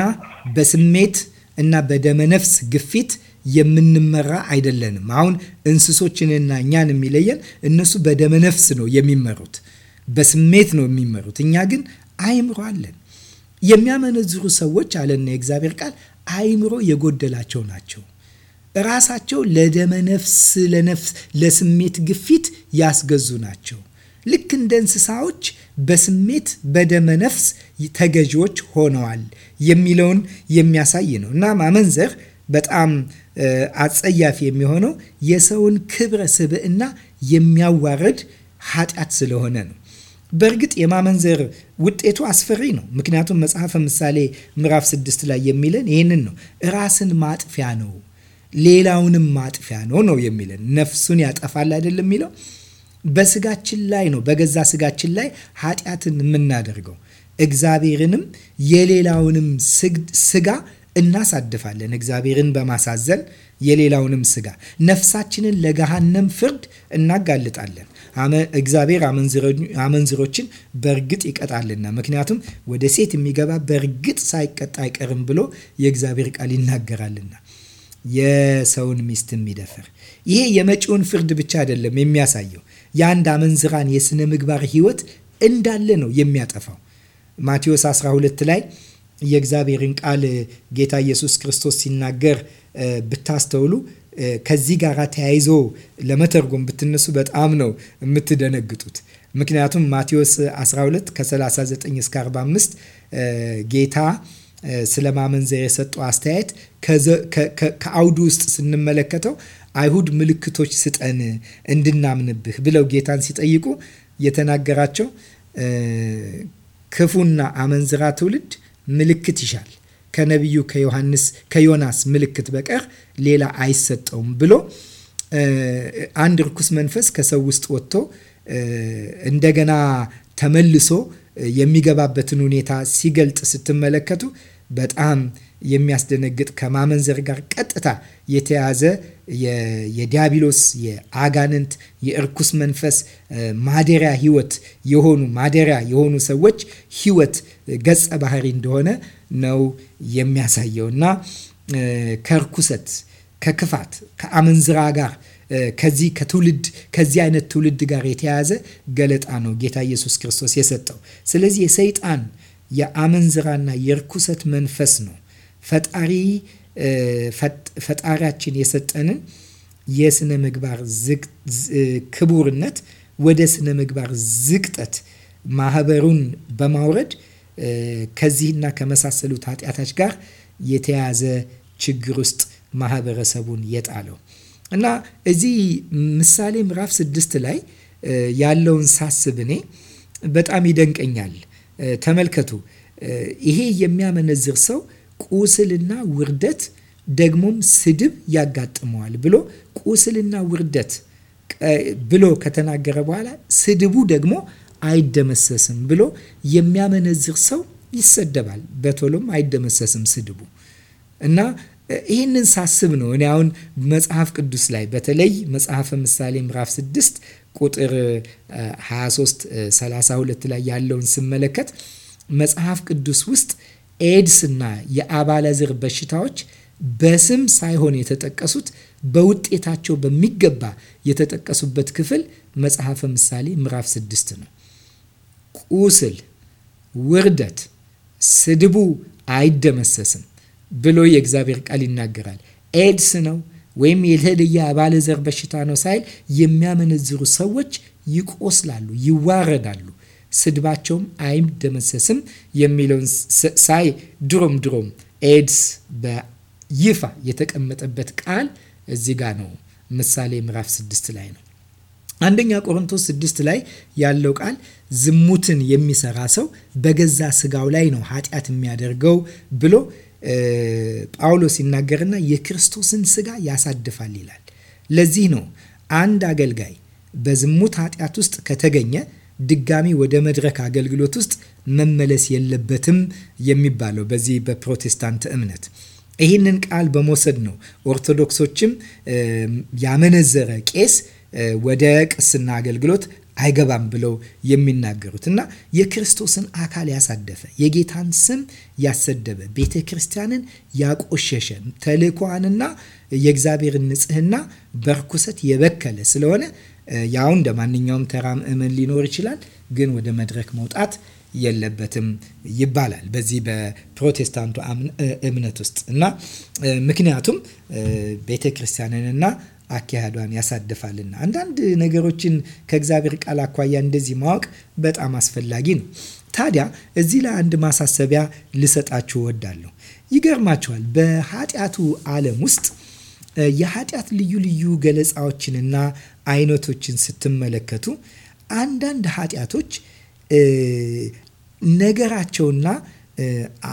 በስሜት እና በደመነፍስ ግፊት የምንመራ አይደለንም። አሁን እንስሶችንና እኛን የሚለየን እነሱ በደመነፍስ ነው የሚመሩት፣ በስሜት ነው የሚመሩት። እኛ ግን አይምሮ አለን። የሚያመነዝሩ ሰዎች አለና የእግዚአብሔር ቃል አይምሮ የጎደላቸው ናቸው። ራሳቸው ለደመነፍስ ለነፍስ ለስሜት ግፊት ያስገዙ ናቸው። ልክ እንደ እንስሳዎች በስሜት በደመ ነፍስ ተገዢዎች ሆነዋል የሚለውን የሚያሳይ ነው እና ማመንዘር በጣም አጸያፊ የሚሆነው የሰውን ክብረ ስብዕና የሚያዋርድ ኃጢአት ስለሆነ ነው። በእርግጥ የማመንዘር ውጤቱ አስፈሪ ነው። ምክንያቱም መጽሐፈ ምሳሌ ምዕራፍ ስድስት ላይ የሚለን ይህንን ነው። ራስን ማጥፊያ ነው፣ ሌላውንም ማጥፊያ ነው ነው የሚለን። ነፍሱን ያጠፋል አይደል የሚለው በስጋችን ላይ ነው። በገዛ ስጋችን ላይ ኃጢአትን የምናደርገው እግዚአብሔርንም የሌላውንም ስጋ እናሳድፋለን እግዚአብሔርን በማሳዘን የሌላውንም ስጋ ነፍሳችንን ለገሃነም ፍርድ እናጋልጣለን። እግዚአብሔር አመንዝሮችን በእርግጥ ይቀጣልና፣ ምክንያቱም ወደ ሴት የሚገባ በእርግጥ ሳይቀጣ አይቀርም ብሎ የእግዚአብሔር ቃል ይናገራልና የሰውን ሚስት የሚደፍር ይሄ የመጪውን ፍርድ ብቻ አይደለም የሚያሳየው የአንድ አመንዝራን የስነ ምግባር ሕይወት እንዳለ ነው የሚያጠፋው ማቴዎስ 12 ላይ የእግዚአብሔርን ቃል ጌታ ኢየሱስ ክርስቶስ ሲናገር ብታስተውሉ ከዚህ ጋር ተያይዞ ለመተርጎም ብትነሱ በጣም ነው የምትደነግጡት። ምክንያቱም ማቴዎስ 12 ከ39 እስከ 45 ጌታ ስለ ማመንዘር የሰጠው አስተያየት ከአውዱ ውስጥ ስንመለከተው አይሁድ ምልክቶች ስጠን እንድናምንብህ ብለው ጌታን ሲጠይቁ የተናገራቸው ክፉና አመንዝራ ትውልድ ምልክት ይሻል ከነቢዩ ከዮሐንስ ከዮናስ ምልክት በቀር ሌላ አይሰጠውም ብሎ አንድ ርኩስ መንፈስ ከሰው ውስጥ ወጥቶ እንደገና ተመልሶ የሚገባበትን ሁኔታ ሲገልጥ ስትመለከቱ በጣም የሚያስደነግጥ ከማመንዘር ጋር ቀጥታ የተያዘ የዲያብሎስ የአጋንንት የእርኩስ መንፈስ ማደሪያ ህይወት የሆኑ ማደሪያ የሆኑ ሰዎች ህይወት ገጸ ባህሪ እንደሆነ ነው የሚያሳየው እና ከርኩሰት፣ ከክፋት፣ ከአመንዝራ ጋር ከዚህ ከትውልድ ከዚህ አይነት ትውልድ ጋር የተያያዘ ገለጣ ነው ጌታ ኢየሱስ ክርስቶስ የሰጠው። ስለዚህ የሰይጣን የአመንዝራና የርኩሰት መንፈስ ነው ፈጣሪ ፈጣሪያችን የሰጠንን የስነ ምግባር ክቡርነት ወደ ስነ ምግባር ዝቅጠት ማህበሩን በማውረድ ከዚህና ከመሳሰሉት ኃጢአታች ጋር የተያዘ ችግር ውስጥ ማህበረሰቡን የጣለው እና እዚህ ምሳሌ ምዕራፍ ስድስት ላይ ያለውን ሳስብ እኔ በጣም ይደንቀኛል። ተመልከቱ፣ ይሄ የሚያመነዝር ሰው ቁስልና ውርደት ደግሞም ስድብ ያጋጥመዋል ብሎ ቁስልና ውርደት ብሎ ከተናገረ በኋላ ስድቡ ደግሞ አይደመሰስም ብሎ የሚያመነዝር ሰው ይሰደባል። በቶሎም አይደመሰስም ስድቡ እና ይህንን ሳስብ ነው እኔ አሁን መጽሐፍ ቅዱስ ላይ በተለይ መጽሐፈ ምሳሌ ምዕራፍ 6 ቁጥር 23 32 ላይ ያለውን ስመለከት መጽሐፍ ቅዱስ ውስጥ ኤድስ እና የአባለዘር በሽታዎች በስም ሳይሆን የተጠቀሱት በውጤታቸው በሚገባ የተጠቀሱበት ክፍል መጽሐፈ ምሳሌ ምዕራፍ 6 ነው። ቁስል፣ ውርደት፣ ስድቡ አይደመሰስም ብሎ የእግዚአብሔር ቃል ይናገራል። ኤድስ ነው ወይም የተለየ ባለዘር በሽታ ነው ሳይል የሚያመነዝሩ ሰዎች ይቆስላሉ፣ ይዋረዳሉ፣ ስድባቸውም አይደመሰስም የሚለውን ሳይ ድሮም ድሮም ኤድስ በይፋ የተቀመጠበት ቃል እዚህ ጋ ነው። ምሳሌ ምዕራፍ ስድስት ላይ ነው። አንደኛ ቆሮንቶስ ስድስት ላይ ያለው ቃል ዝሙትን የሚሰራ ሰው በገዛ ስጋው ላይ ነው ኃጢአት የሚያደርገው ብሎ ጳውሎስ ይናገርና የክርስቶስን ስጋ ያሳድፋል ይላል። ለዚህ ነው አንድ አገልጋይ በዝሙት ኃጢአት ውስጥ ከተገኘ ድጋሚ ወደ መድረክ አገልግሎት ውስጥ መመለስ የለበትም የሚባለው በዚህ በፕሮቴስታንት እምነት። ይህንን ቃል በመውሰድ ነው ኦርቶዶክሶችም ያመነዘረ ቄስ ወደ ቅስና አገልግሎት አይገባም ብለው የሚናገሩት እና የክርስቶስን አካል ያሳደፈ የጌታን ስም ያሰደበ ቤተ ክርስቲያንን ያቆሸሸ ተልእኳንና የእግዚአብሔርን ንጽህና በርኩሰት የበከለ ስለሆነ ያው እንደ ማንኛውም ተራ ምእመን ሊኖር ይችላል፣ ግን ወደ መድረክ መውጣት የለበትም ይባላል በዚህ በፕሮቴስታንቱ እምነት ውስጥ እና ምክንያቱም ቤተ ክርስቲያንንና አካሄዷን ያሳድፋልና አንዳንድ ነገሮችን ከእግዚአብሔር ቃል አኳያ እንደዚህ ማወቅ በጣም አስፈላጊ ነው። ታዲያ እዚህ ላይ አንድ ማሳሰቢያ ልሰጣችሁ እወዳለሁ። ይገርማችኋል በኃጢአቱ ዓለም ውስጥ የኃጢአት ልዩ ልዩ ገለጻዎችንና አይነቶችን ስትመለከቱ አንዳንድ ኃጢአቶች ነገራቸውና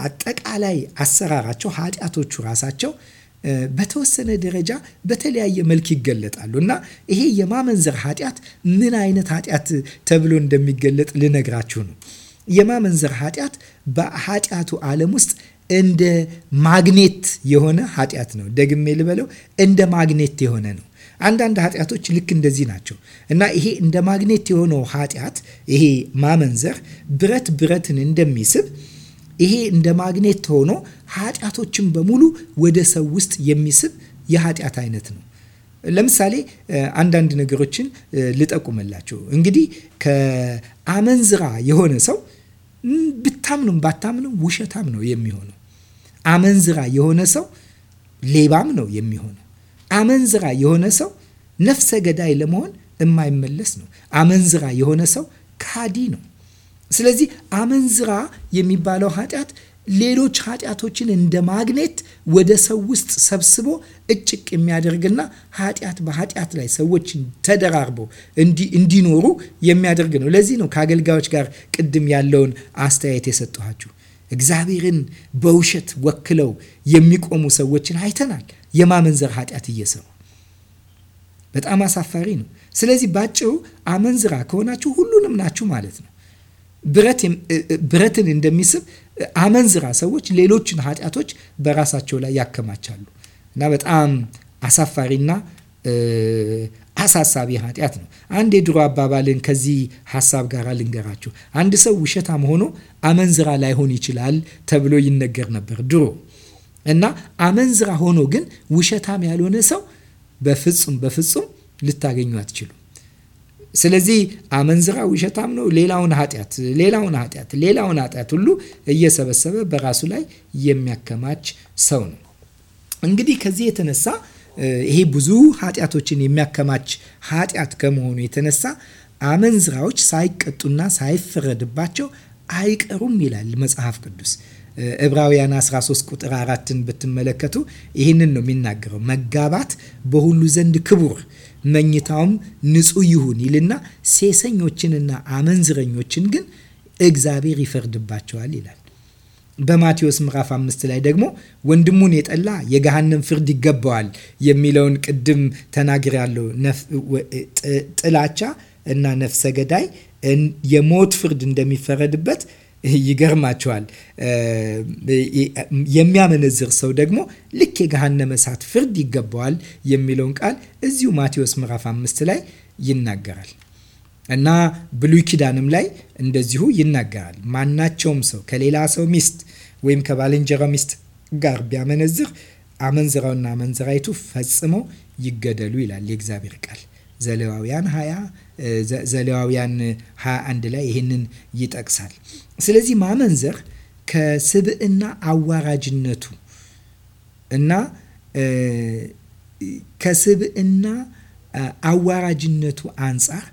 አጠቃላይ አሰራራቸው ኃጢአቶቹ ራሳቸው በተወሰነ ደረጃ በተለያየ መልክ ይገለጣሉ እና ይሄ የማመንዘር ኃጢአት ምን አይነት ኃጢአት ተብሎ እንደሚገለጥ ልነግራችሁ ነው። የማመንዘር ኃጢአት በኃጢአቱ ዓለም ውስጥ እንደ ማግኔት የሆነ ኃጢአት ነው። ደግሜ ልበለው፣ እንደ ማግኔት የሆነ ነው። አንዳንድ ኃጢአቶች ልክ እንደዚህ ናቸው እና ይሄ እንደ ማግኔት የሆነው ኃጢአት ይሄ ማመንዘር ብረት ብረትን እንደሚስብ ይሄ እንደ ማግኔት ሆኖ ኃጢአቶችን በሙሉ ወደ ሰው ውስጥ የሚስብ የኃጢአት አይነት ነው። ለምሳሌ አንዳንድ ነገሮችን ልጠቁምላችሁ። እንግዲህ ከአመንዝራ የሆነ ሰው ብታምኑም ባታምኑም ውሸታም ነው የሚሆነው። አመንዝራ የሆነ ሰው ሌባም ነው የሚሆነው። አመንዝራ የሆነ ሰው ነፍሰ ገዳይ ለመሆን የማይመለስ ነው። አመንዝራ የሆነ ሰው ካዲ ነው። ስለዚህ አመንዝራ የሚባለው ኃጢአት ሌሎች ኃጢአቶችን እንደ ማግኔት ወደ ሰው ውስጥ ሰብስቦ እጭቅ የሚያደርግና ኃጢአት በኃጢአት ላይ ሰዎች ተደራርቦ እንዲኖሩ የሚያደርግ ነው። ለዚህ ነው ከአገልጋዮች ጋር ቅድም ያለውን አስተያየት የሰጠኋችሁ። እግዚአብሔርን በውሸት ወክለው የሚቆሙ ሰዎችን አይተናል። የማመንዘር ኃጢአት እየሰሩ በጣም አሳፋሪ ነው። ስለዚህ ባጭሩ አመንዝራ ከሆናችሁ ሁሉንም ናችሁ ማለት ነው። ብረትን እንደሚስብ አመንዝራ ሰዎች ሌሎችን ኃጢአቶች በራሳቸው ላይ ያከማቻሉ እና በጣም አሳፋሪና አሳሳቢ ኃጢአት ነው። አንድ የድሮ አባባልን ከዚህ ሀሳብ ጋር ልንገራችሁ። አንድ ሰው ውሸታም ሆኖ አመንዝራ ላይሆን ይችላል ተብሎ ይነገር ነበር ድሮ እና አመንዝራ ሆኖ ግን ውሸታም ያልሆነ ሰው በፍጹም በፍጹም ልታገኙ አትችሉም። ስለዚህ አመንዝራ፣ ውሸታም ነው፣ ሌላውን ኃጢአት ሌላውን ኃጢአት ሌላውን ኃጢአት ሁሉ እየሰበሰበ በራሱ ላይ የሚያከማች ሰው ነው። እንግዲህ ከዚህ የተነሳ ይሄ ብዙ ኃጢአቶችን የሚያከማች ኃጢአት ከመሆኑ የተነሳ አመንዝራዎች ሳይቀጡና ሳይፈረድባቸው አይቀሩም ይላል መጽሐፍ ቅዱስ። ዕብራውያን 13 ቁጥር አራትን ብትመለከቱ ይህንን ነው የሚናገረው። መጋባት በሁሉ ዘንድ ክቡር መኝታውም ንጹህ ይሁን ይልና ሴሰኞችንና አመንዝረኞችን ግን እግዚአብሔር ይፈርድባቸዋል ይላል። በማቴዎስ ምዕራፍ አምስት ላይ ደግሞ ወንድሙን የጠላ የገሃነም ፍርድ ይገባዋል የሚለውን ቅድም ተናግር ያለው ጥላቻ እና ነፍሰ ገዳይ የሞት ፍርድ እንደሚፈረድበት ይገርማቸዋል። የሚያመነዝር ሰው ደግሞ ልክ የገሃነመ እሳት ፍርድ ይገባዋል የሚለውን ቃል እዚሁ ማቴዎስ ምዕራፍ አምስት ላይ ይናገራል እና ብሉይ ኪዳንም ላይ እንደዚሁ ይናገራል። ማናቸውም ሰው ከሌላ ሰው ሚስት ወይም ከባልንጀራ ሚስት ጋር ቢያመነዝር አመንዝራውና አመንዝራይቱ ፈጽመው ይገደሉ ይላል የእግዚአብሔር ቃል። ዘሌዋውያን 20 ዘሌዋውያን 21 ላይ ይህንን ይጠቅሳል። ስለዚህ ማመንዘር ከስብዕና አዋራጅነቱ እና ከስብዕና አዋራጅነቱ አንጻር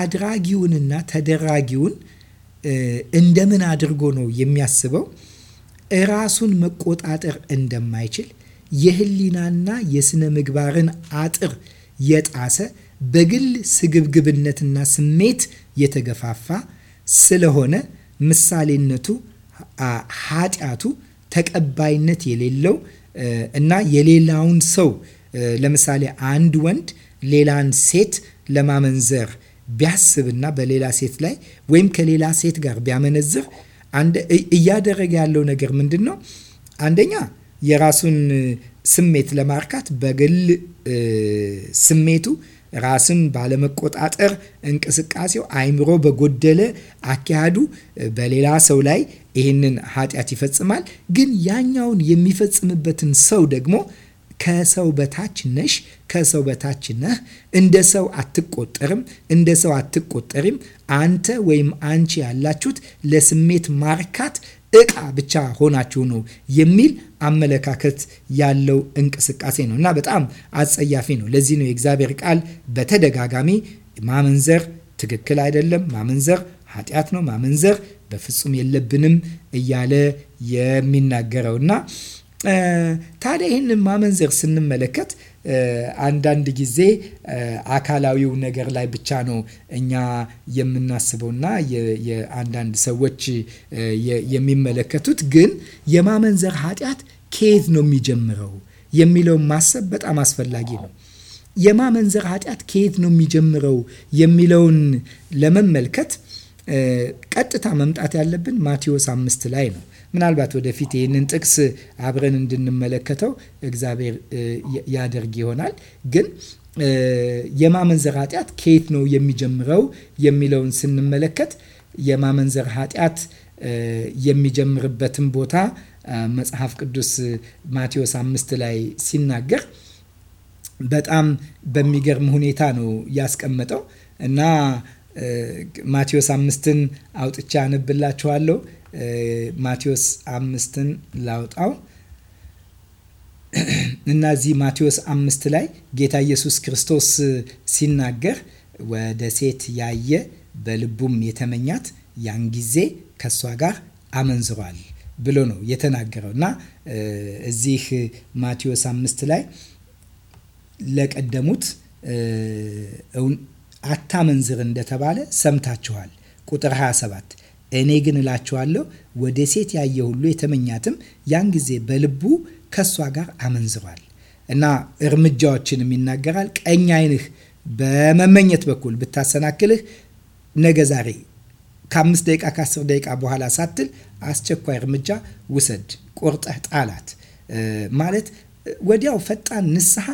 አድራጊውንና ተደራጊውን እንደምን አድርጎ ነው የሚያስበው? እራሱን መቆጣጠር እንደማይችል የህሊናና የስነ ምግባርን አጥር የጣሰ በግል ስግብግብነትና ስሜት የተገፋፋ ስለሆነ ምሳሌነቱ ኃጢአቱ ተቀባይነት የሌለው እና የሌላውን ሰው ለምሳሌ አንድ ወንድ ሌላን ሴት ለማመንዘር ቢያስብና በሌላ ሴት ላይ ወይም ከሌላ ሴት ጋር ቢያመነዝር እያደረገ ያለው ነገር ምንድን ነው? አንደኛ የራሱን ስሜት ለማርካት በግል ስሜቱ ራስን ባለመቆጣጠር እንቅስቃሴው አይምሮ በጎደለ አካሄዱ በሌላ ሰው ላይ ይህንን ኃጢአት ይፈጽማል። ግን ያኛውን የሚፈጽምበትን ሰው ደግሞ ከሰው በታች ነሽ፣ ከሰው በታች ነህ፣ እንደ ሰው አትቆጠርም፣ እንደ ሰው አትቆጠሪም። አንተ ወይም አንቺ ያላችሁት ለስሜት ማርካት እቃ ብቻ ሆናችሁ ነው የሚል አመለካከት ያለው እንቅስቃሴ ነው እና በጣም አጸያፊ ነው። ለዚህ ነው የእግዚአብሔር ቃል በተደጋጋሚ ማመንዘር ትክክል አይደለም፣ ማመንዘር ኃጢአት ነው፣ ማመንዘር በፍጹም የለብንም እያለ የሚናገረውና ታዲያ ይህንን ማመንዘር ስንመለከት አንዳንድ ጊዜ አካላዊው ነገር ላይ ብቻ ነው እኛ የምናስበውና የአንዳንድ ሰዎች የሚመለከቱት ግን የማመንዘር ኃጢአት ከየት ነው የሚጀምረው የሚለውን ማሰብ በጣም አስፈላጊ ነው። የማመንዘር ኃጢአት ከየት ነው የሚጀምረው የሚለውን ለመመልከት ቀጥታ መምጣት ያለብን ማቴዎስ አምስት ላይ ነው። ምናልባት ወደፊት ይህንን ጥቅስ አብረን እንድንመለከተው እግዚአብሔር ያደርግ ይሆናል ግን የማመንዘር ኃጢአት ከየት ነው የሚጀምረው የሚለውን ስንመለከት የማመንዘር ኃጢአት የሚጀምርበትን ቦታ መጽሐፍ ቅዱስ ማቴዎስ አምስት ላይ ሲናገር በጣም በሚገርም ሁኔታ ነው ያስቀመጠው እና ማቴዎስ አምስትን አውጥቻ አነብላችኋለሁ። ማቴዎስ አምስትን ላውጣው እና እዚህ ማቴዎስ አምስት ላይ ጌታ ኢየሱስ ክርስቶስ ሲናገር ወደ ሴት ያየ በልቡም የተመኛት ያን ጊዜ ከእሷ ጋር አመንዝሯል ብሎ ነው የተናገረው እና እዚህ ማቴዎስ አምስት ላይ ለቀደሙት አታመንዝር እንደተባለ ሰምታችኋል። ቁጥር 27 እኔ ግን እላችኋለሁ ወደ ሴት ያየ ሁሉ የተመኛትም ያን ጊዜ በልቡ ከእሷ ጋር አመንዝሯል። እና እርምጃዎችንም ይናገራል። ቀኝ ዓይንህ በመመኘት በኩል ብታሰናክልህ ነገ ዛሬ ከአምስት ደቂቃ ከአስር ደቂቃ በኋላ ሳትል አስቸኳይ እርምጃ ውሰድ፣ ቆርጠህ ጣላት ማለት ወዲያው ፈጣን ንስሐ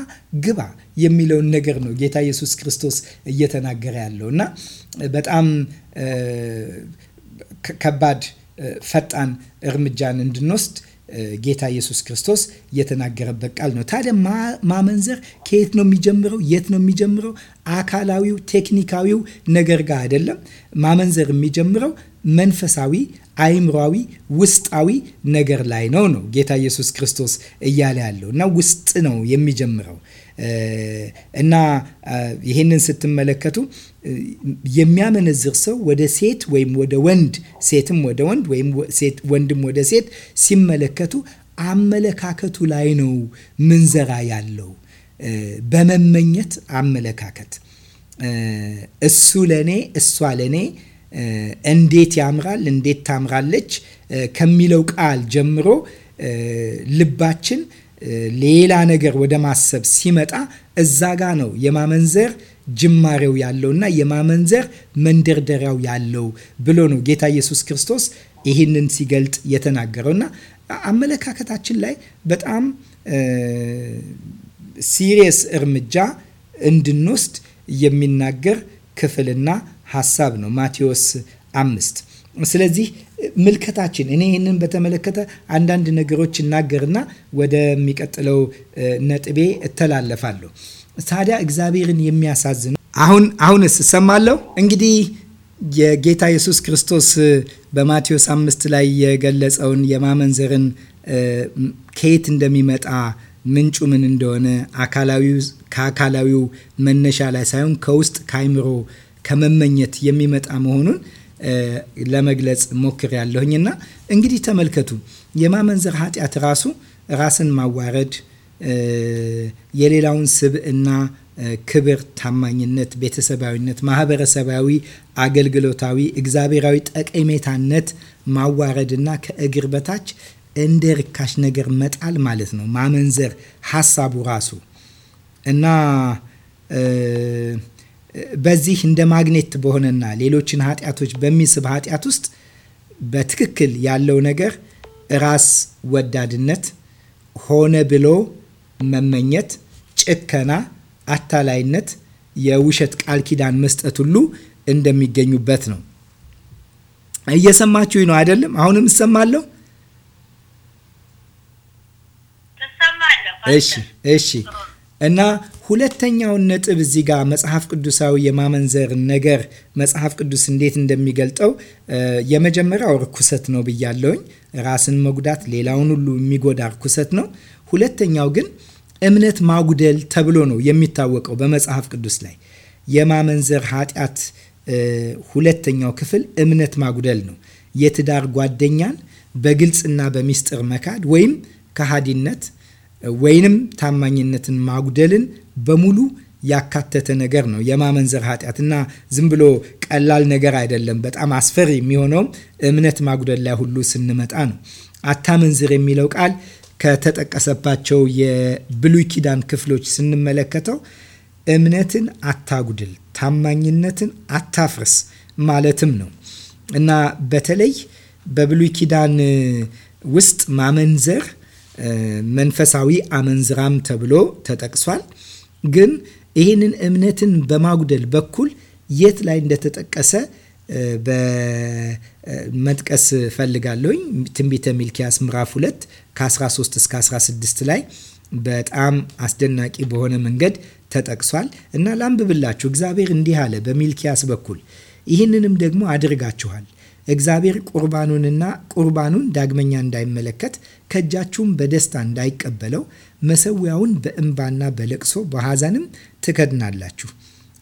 ግባ የሚለውን ነገር ነው ጌታ ኢየሱስ ክርስቶስ እየተናገረ ያለው እና በጣም ከባድ ፈጣን እርምጃን እንድንወስድ ጌታ ኢየሱስ ክርስቶስ የተናገረበት ቃል ነው። ታዲያ ማመንዘር ከየት ነው የሚጀምረው? የት ነው የሚጀምረው? አካላዊው ቴክኒካዊው ነገር ጋር አይደለም። ማመንዘር የሚጀምረው መንፈሳዊ አይምሯዊ ውስጣዊ ነገር ላይ ነው ነው ጌታ ኢየሱስ ክርስቶስ እያለ ያለው እና ውስጥ ነው የሚጀምረው እና ይህንን ስትመለከቱ የሚያመነዝር ሰው ወደ ሴት ወይም ወደ ወንድ ሴትም ወደ ወንድ ወይም ወንድም ወደ ሴት ሲመለከቱ አመለካከቱ ላይ ነው ምንዘራ ያለው በመመኘት አመለካከት እሱ ለእኔ እሷ ለእኔ እንዴት ያምራል እንዴት ታምራለች ከሚለው ቃል ጀምሮ ልባችን ሌላ ነገር ወደ ማሰብ ሲመጣ እዛ ጋ ነው የማመንዘር ጅማሬው ያለውና የማመንዘር መንደርደሪያው ያለው ብሎ ነው ጌታ ኢየሱስ ክርስቶስ ይህንን ሲገልጥ የተናገረው እና አመለካከታችን ላይ በጣም ሲሪየስ እርምጃ እንድንወስድ የሚናገር ክፍልና ሀሳብ ነው ማቴዎስ አምስት ስለዚህ ምልከታችን እኔ ይህንን በተመለከተ አንዳንድ ነገሮች እናገርና ወደሚቀጥለው ነጥቤ እተላለፋለሁ። ታዲያ እግዚአብሔርን የሚያሳዝነ አሁን አሁንስ እሰማለሁ። እንግዲህ የጌታ ኢየሱስ ክርስቶስ በማቴዎስ አምስት ላይ የገለጸውን የማመንዘርን ከየት እንደሚመጣ ምንጩ ምን እንደሆነ ከአካላዊው መነሻ ላይ ሳይሆን ከውስጥ ከአይምሮ ከመመኘት የሚመጣ መሆኑን ለመግለጽ ሞክር ያለሁኝና እንግዲህ ተመልከቱ የማመንዘር ኃጢአት ራሱ ራስን ማዋረድ፣ የሌላውን ስብዕና፣ ክብር፣ ታማኝነት፣ ቤተሰባዊነት፣ ማህበረሰባዊ፣ አገልግሎታዊ፣ እግዚአብሔራዊ ጠቀሜታነት ማዋረድና ከእግር በታች እንደ ርካሽ ነገር መጣል ማለት ነው። ማመንዘር ሀሳቡ ራሱ እና በዚህ እንደ ማግኔት በሆነና ሌሎችን ኃጢአቶች በሚስብ ኃጢአት ውስጥ በትክክል ያለው ነገር ራስ ወዳድነት፣ ሆነ ብሎ መመኘት፣ ጭከና፣ አታላይነት፣ የውሸት ቃል ኪዳን መስጠት ሁሉ እንደሚገኙበት ነው። እየሰማችሁ ነው አይደለም? አሁንም እሰማለሁ። እሺ፣ እሺ እና ሁለተኛውን ነጥብ እዚህ ጋር መጽሐፍ ቅዱሳዊ የማመንዘር ነገር መጽሐፍ ቅዱስ እንዴት እንደሚገልጠው የመጀመሪያው ርኩሰት ነው ብያለውኝ። ራስን መጉዳት ሌላውን ሁሉ የሚጎዳ ርኩሰት ነው። ሁለተኛው ግን እምነት ማጉደል ተብሎ ነው የሚታወቀው በመጽሐፍ ቅዱስ ላይ የማመንዘር ኃጢአት ሁለተኛው ክፍል እምነት ማጉደል ነው። የትዳር ጓደኛን በግልጽና በሚስጥር መካድ ወይም ከሃዲነት ወይንም ታማኝነትን ማጉደልን በሙሉ ያካተተ ነገር ነው የማመንዘር ኃጢአት እና ዝም ብሎ ቀላል ነገር አይደለም። በጣም አስፈሪ የሚሆነውም እምነት ማጉደል ላይ ሁሉ ስንመጣ ነው። አታመንዝር የሚለው ቃል ከተጠቀሰባቸው የብሉይ ኪዳን ክፍሎች ስንመለከተው እምነትን አታጉድል፣ ታማኝነትን አታፍርስ ማለትም ነው እና በተለይ በብሉይ ኪዳን ውስጥ ማመንዘር መንፈሳዊ አመንዝራም ተብሎ ተጠቅሷል። ግን ይህንን እምነትን በማጉደል በኩል የት ላይ እንደተጠቀሰ በመጥቀስ ፈልጋለሁኝ። ትንቢተ ሚልኪያስ ምዕራፍ 2 ከ13 እስከ 16 ላይ በጣም አስደናቂ በሆነ መንገድ ተጠቅሷል እና ላንብብላችሁ። እግዚአብሔር እንዲህ አለ በሚልኪያስ በኩል ይህንንም ደግሞ አድርጋችኋል እግዚአብሔር ቁርባኑንና ቁርባኑን ዳግመኛ እንዳይመለከት ከእጃችሁም በደስታ እንዳይቀበለው መሰዊያውን በእንባና በለቅሶ በሐዘንም ትከድናላችሁ።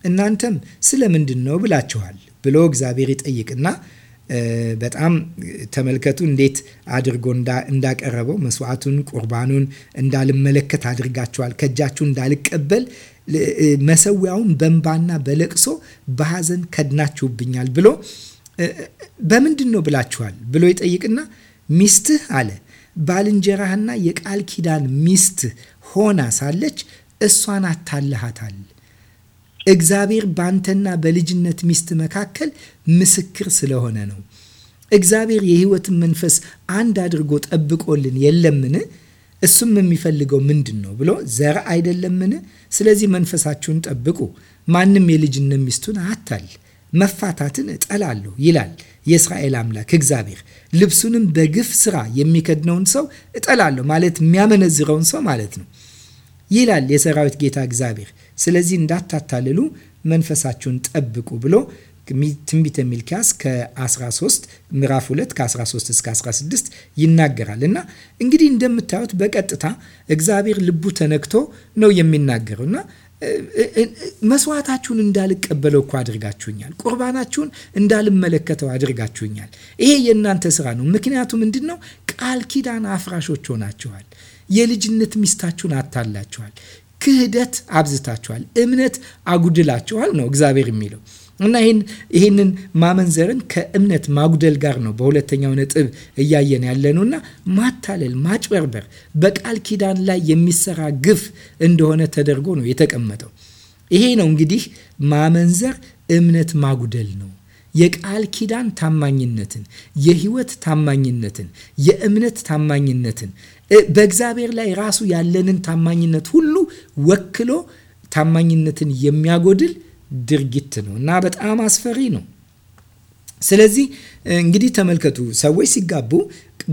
እናንተም ስለ ምንድን ነው ብላችኋል ብሎ እግዚአብሔር ይጠይቅና በጣም ተመልከቱ እንዴት አድርጎ እንዳቀረበው መስዋዕቱን፣ ቁርባኑን እንዳልመለከት አድርጋችኋል፣ ከእጃችሁ እንዳልቀበል መሰዊያውን በእንባና በለቅሶ በሐዘን ከድናችሁብኛል ብሎ በምንድን ነው ብላችኋል ብሎ ይጠይቅና ሚስትህ አለ ባልንጀራህና የቃል ኪዳን ሚስት ሆና ሳለች እሷን አታልሃታል። እግዚአብሔር ባንተና በልጅነት ሚስት መካከል ምስክር ስለሆነ ነው። እግዚአብሔር የሕይወትን መንፈስ አንድ አድርጎ ጠብቆልን የለምን? እሱም የሚፈልገው ምንድን ነው ብሎ ዘር አይደለምን? ስለዚህ መንፈሳችሁን ጠብቁ፣ ማንም የልጅነት ሚስቱን አታል መፋታትን እጠላለሁ ይላል የእስራኤል አምላክ እግዚአብሔር። ልብሱንም በግፍ ስራ የሚከድነውን ሰው እጠላለሁ ማለት የሚያመነዝረውን ሰው ማለት ነው ይላል የሰራዊት ጌታ እግዚአብሔር። ስለዚህ እንዳታታልሉ መንፈሳችሁን ጠብቁ ብሎ ትንቢተ ሚልኪያስ ከ13 ምዕራፍ 2 ከ13 እስከ 16 ይናገራል። እና እንግዲህ እንደምታዩት በቀጥታ እግዚአብሔር ልቡ ተነክቶ ነው የሚናገረው እና መስዋዕታችሁን እንዳልቀበለው እኮ አድርጋችሁኛል። ቁርባናችሁን እንዳልመለከተው አድርጋችሁኛል። ይሄ የእናንተ ስራ ነው። ምክንያቱም ምንድን ነው? ቃል ኪዳን አፍራሾች ሆናችኋል። የልጅነት ሚስታችሁን አታላችኋል። ክህደት አብዝታችኋል። እምነት አጉድላችኋል ነው እግዚአብሔር የሚለው እና ይህንን ማመንዘርን ከእምነት ማጉደል ጋር ነው በሁለተኛው ነጥብ እያየን ነው እና ማታለል፣ ማጭበርበር በቃል ኪዳን ላይ የሚሰራ ግፍ እንደሆነ ተደርጎ ነው የተቀመጠው። ይሄ ነው እንግዲህ ማመንዘር እምነት ማጉደል ነው። የቃል ኪዳን ታማኝነትን፣ የህይወት ታማኝነትን፣ የእምነት ታማኝነትን በእግዚአብሔር ላይ ራሱ ያለንን ታማኝነት ሁሉ ወክሎ ታማኝነትን የሚያጎድል ድርጊት ነው እና በጣም አስፈሪ ነው። ስለዚህ እንግዲህ ተመልከቱ፣ ሰዎች ሲጋቡ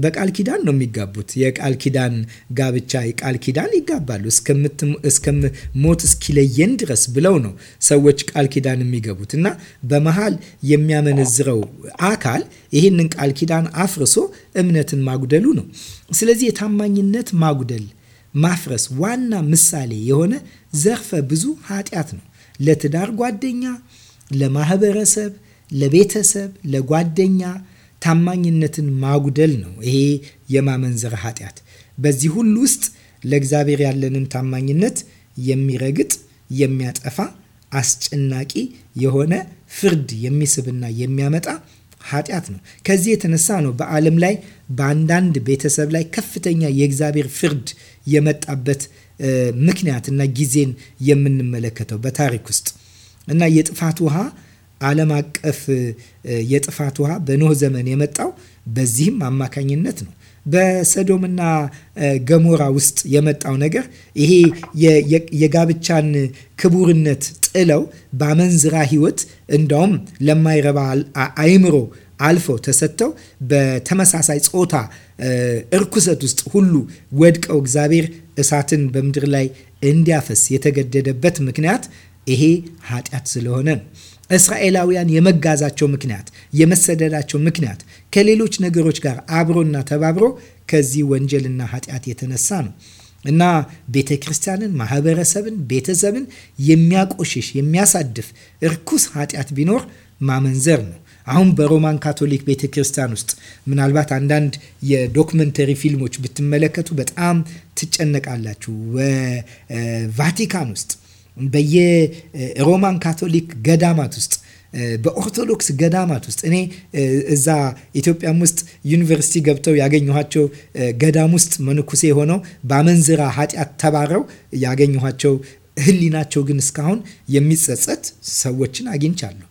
በቃል ኪዳን ነው የሚጋቡት። የቃል ኪዳን ጋብቻ፣ የቃል ኪዳን ይጋባሉ እስከሞት እስኪለየን ድረስ ብለው ነው ሰዎች ቃል ኪዳን የሚገቡት እና በመሃል የሚያመነዝረው አካል ይህንን ቃል ኪዳን አፍርሶ እምነትን ማጉደሉ ነው። ስለዚህ የታማኝነት ማጉደል ማፍረስ ዋና ምሳሌ የሆነ ዘርፈ ብዙ ኃጢአት ነው። ለትዳር ጓደኛ፣ ለማህበረሰብ፣ ለቤተሰብ፣ ለጓደኛ ታማኝነትን ማጉደል ነው። ይሄ የማመንዘር ኃጢአት። በዚህ ሁሉ ውስጥ ለእግዚአብሔር ያለንን ታማኝነት የሚረግጥ የሚያጠፋ አስጨናቂ የሆነ ፍርድ የሚስብና የሚያመጣ ኃጢአት ነው። ከዚህ የተነሳ ነው በዓለም ላይ በአንዳንድ ቤተሰብ ላይ ከፍተኛ የእግዚአብሔር ፍርድ የመጣበት ምክንያትና ጊዜን የምንመለከተው በታሪክ ውስጥ እና የጥፋት ውሃ ዓለም አቀፍ የጥፋት ውሃ በኖህ ዘመን የመጣው በዚህም አማካኝነት ነው። በሰዶምና ገሞራ ውስጥ የመጣው ነገር ይሄ የጋብቻን ክቡርነት ጥለው በአመንዝራ ሕይወት እንዳውም ለማይረባ አይምሮ። አልፈው ተሰጥተው በተመሳሳይ ጾታ እርኩሰት ውስጥ ሁሉ ወድቀው እግዚአብሔር እሳትን በምድር ላይ እንዲያፈስ የተገደደበት ምክንያት ይሄ ኃጢአት ስለሆነ ነው። እስራኤላውያን የመጋዛቸው ምክንያት፣ የመሰደዳቸው ምክንያት ከሌሎች ነገሮች ጋር አብሮና ተባብሮ ከዚህ ወንጀልና ኃጢአት የተነሳ ነው እና ቤተ ክርስቲያንን፣ ማህበረሰብን፣ ቤተሰብን የሚያቆሽሽ የሚያሳድፍ እርኩስ ኃጢአት ቢኖር ማመንዘር ነው። አሁን በሮማን ካቶሊክ ቤተ ክርስቲያን ውስጥ ምናልባት አንዳንድ የዶክመንተሪ ፊልሞች ብትመለከቱ በጣም ትጨነቃላችሁ። በቫቲካን ውስጥ በየሮማን ካቶሊክ ገዳማት ውስጥ በኦርቶዶክስ ገዳማት ውስጥ እኔ እዛ ኢትዮጵያም ውስጥ ዩኒቨርሲቲ ገብተው ያገኘኋቸው ገዳም ውስጥ መንኩሴ ሆነው በአመንዝራ ኃጢአት ተባረው ያገኘኋቸው ህሊናቸው ግን እስካሁን የሚጸጸት ሰዎችን አግኝቻለሁ።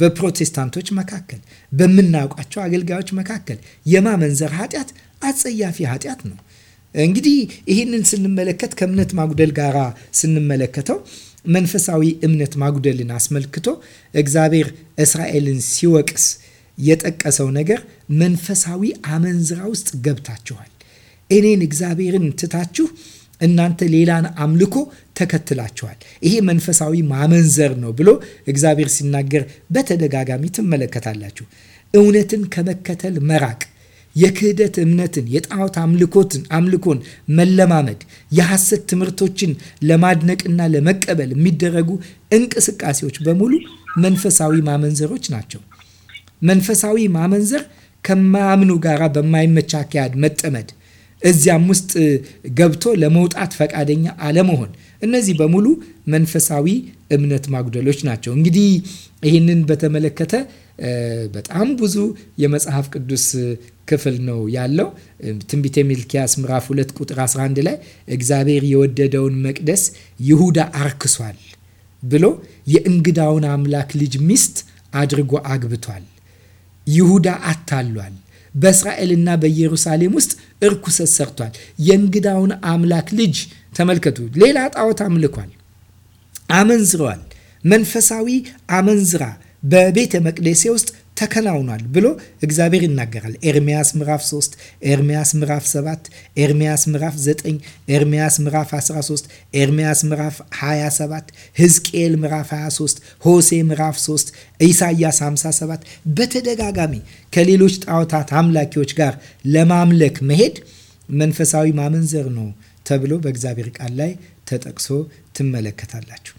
በፕሮቴስታንቶች መካከል፣ በምናውቃቸው አገልጋዮች መካከል የማመንዘር ኃጢአት አጸያፊ ኃጢአት ነው። እንግዲህ ይህንን ስንመለከት ከእምነት ማጉደል ጋር ስንመለከተው መንፈሳዊ እምነት ማጉደልን አስመልክቶ እግዚአብሔር እስራኤልን ሲወቅስ የጠቀሰው ነገር መንፈሳዊ አመንዝራ ውስጥ ገብታችኋል፣ እኔን እግዚአብሔርን ትታችሁ እናንተ ሌላን አምልኮ ተከትላችኋል። ይሄ መንፈሳዊ ማመንዘር ነው ብሎ እግዚአብሔር ሲናገር በተደጋጋሚ ትመለከታላችሁ። እውነትን ከመከተል መራቅ የክህደት እምነትን የጣዖት አምልኮትን አምልኮን መለማመድ የሐሰት ትምህርቶችን ለማድነቅና ለመቀበል የሚደረጉ እንቅስቃሴዎች በሙሉ መንፈሳዊ ማመንዘሮች ናቸው። መንፈሳዊ ማመንዘር ከማያምኑ ጋር በማይመች አካሄድ መጠመድ እዚያም ውስጥ ገብቶ ለመውጣት ፈቃደኛ አለመሆን፣ እነዚህ በሙሉ መንፈሳዊ እምነት ማጉደሎች ናቸው። እንግዲህ ይህንን በተመለከተ በጣም ብዙ የመጽሐፍ ቅዱስ ክፍል ነው ያለው። ትንቢተ ሚልኪያስ ምዕራፍ 2 ቁጥር 11 ላይ እግዚአብሔር የወደደውን መቅደስ ይሁዳ አርክሷል ብሎ የእንግዳውን አምላክ ልጅ ሚስት አድርጎ አግብቷል። ይሁዳ አታሏል። በእስራኤልና በኢየሩሳሌም ውስጥ እርኩሰት ሰርቷል። የእንግዳውን አምላክ ልጅ ተመልከቱ። ሌላ ጣዖት አምልኳል፣ አመንዝረዋል። መንፈሳዊ አመንዝራ በቤተ መቅደሴ ውስጥ ተከናውኗል ብሎ እግዚአብሔር ይናገራል። ኤርሚያስ ምዕራፍ 3፣ ኤርሚያስ ምዕራፍ 7፣ ኤርሚያስ ምዕራፍ 9፣ ኤርሚያስ ምዕራፍ 13፣ ኤርሚያስ ምዕራፍ 27፣ ህዝቅኤል ምዕራፍ 23፣ ሆሴ ምዕራፍ 3፣ ኢሳያስ 57 በተደጋጋሚ ከሌሎች ጣዖታት አምላኪዎች ጋር ለማምለክ መሄድ መንፈሳዊ ማመንዘር ነው ተብሎ በእግዚአብሔር ቃል ላይ ተጠቅሶ ትመለከታላችሁ።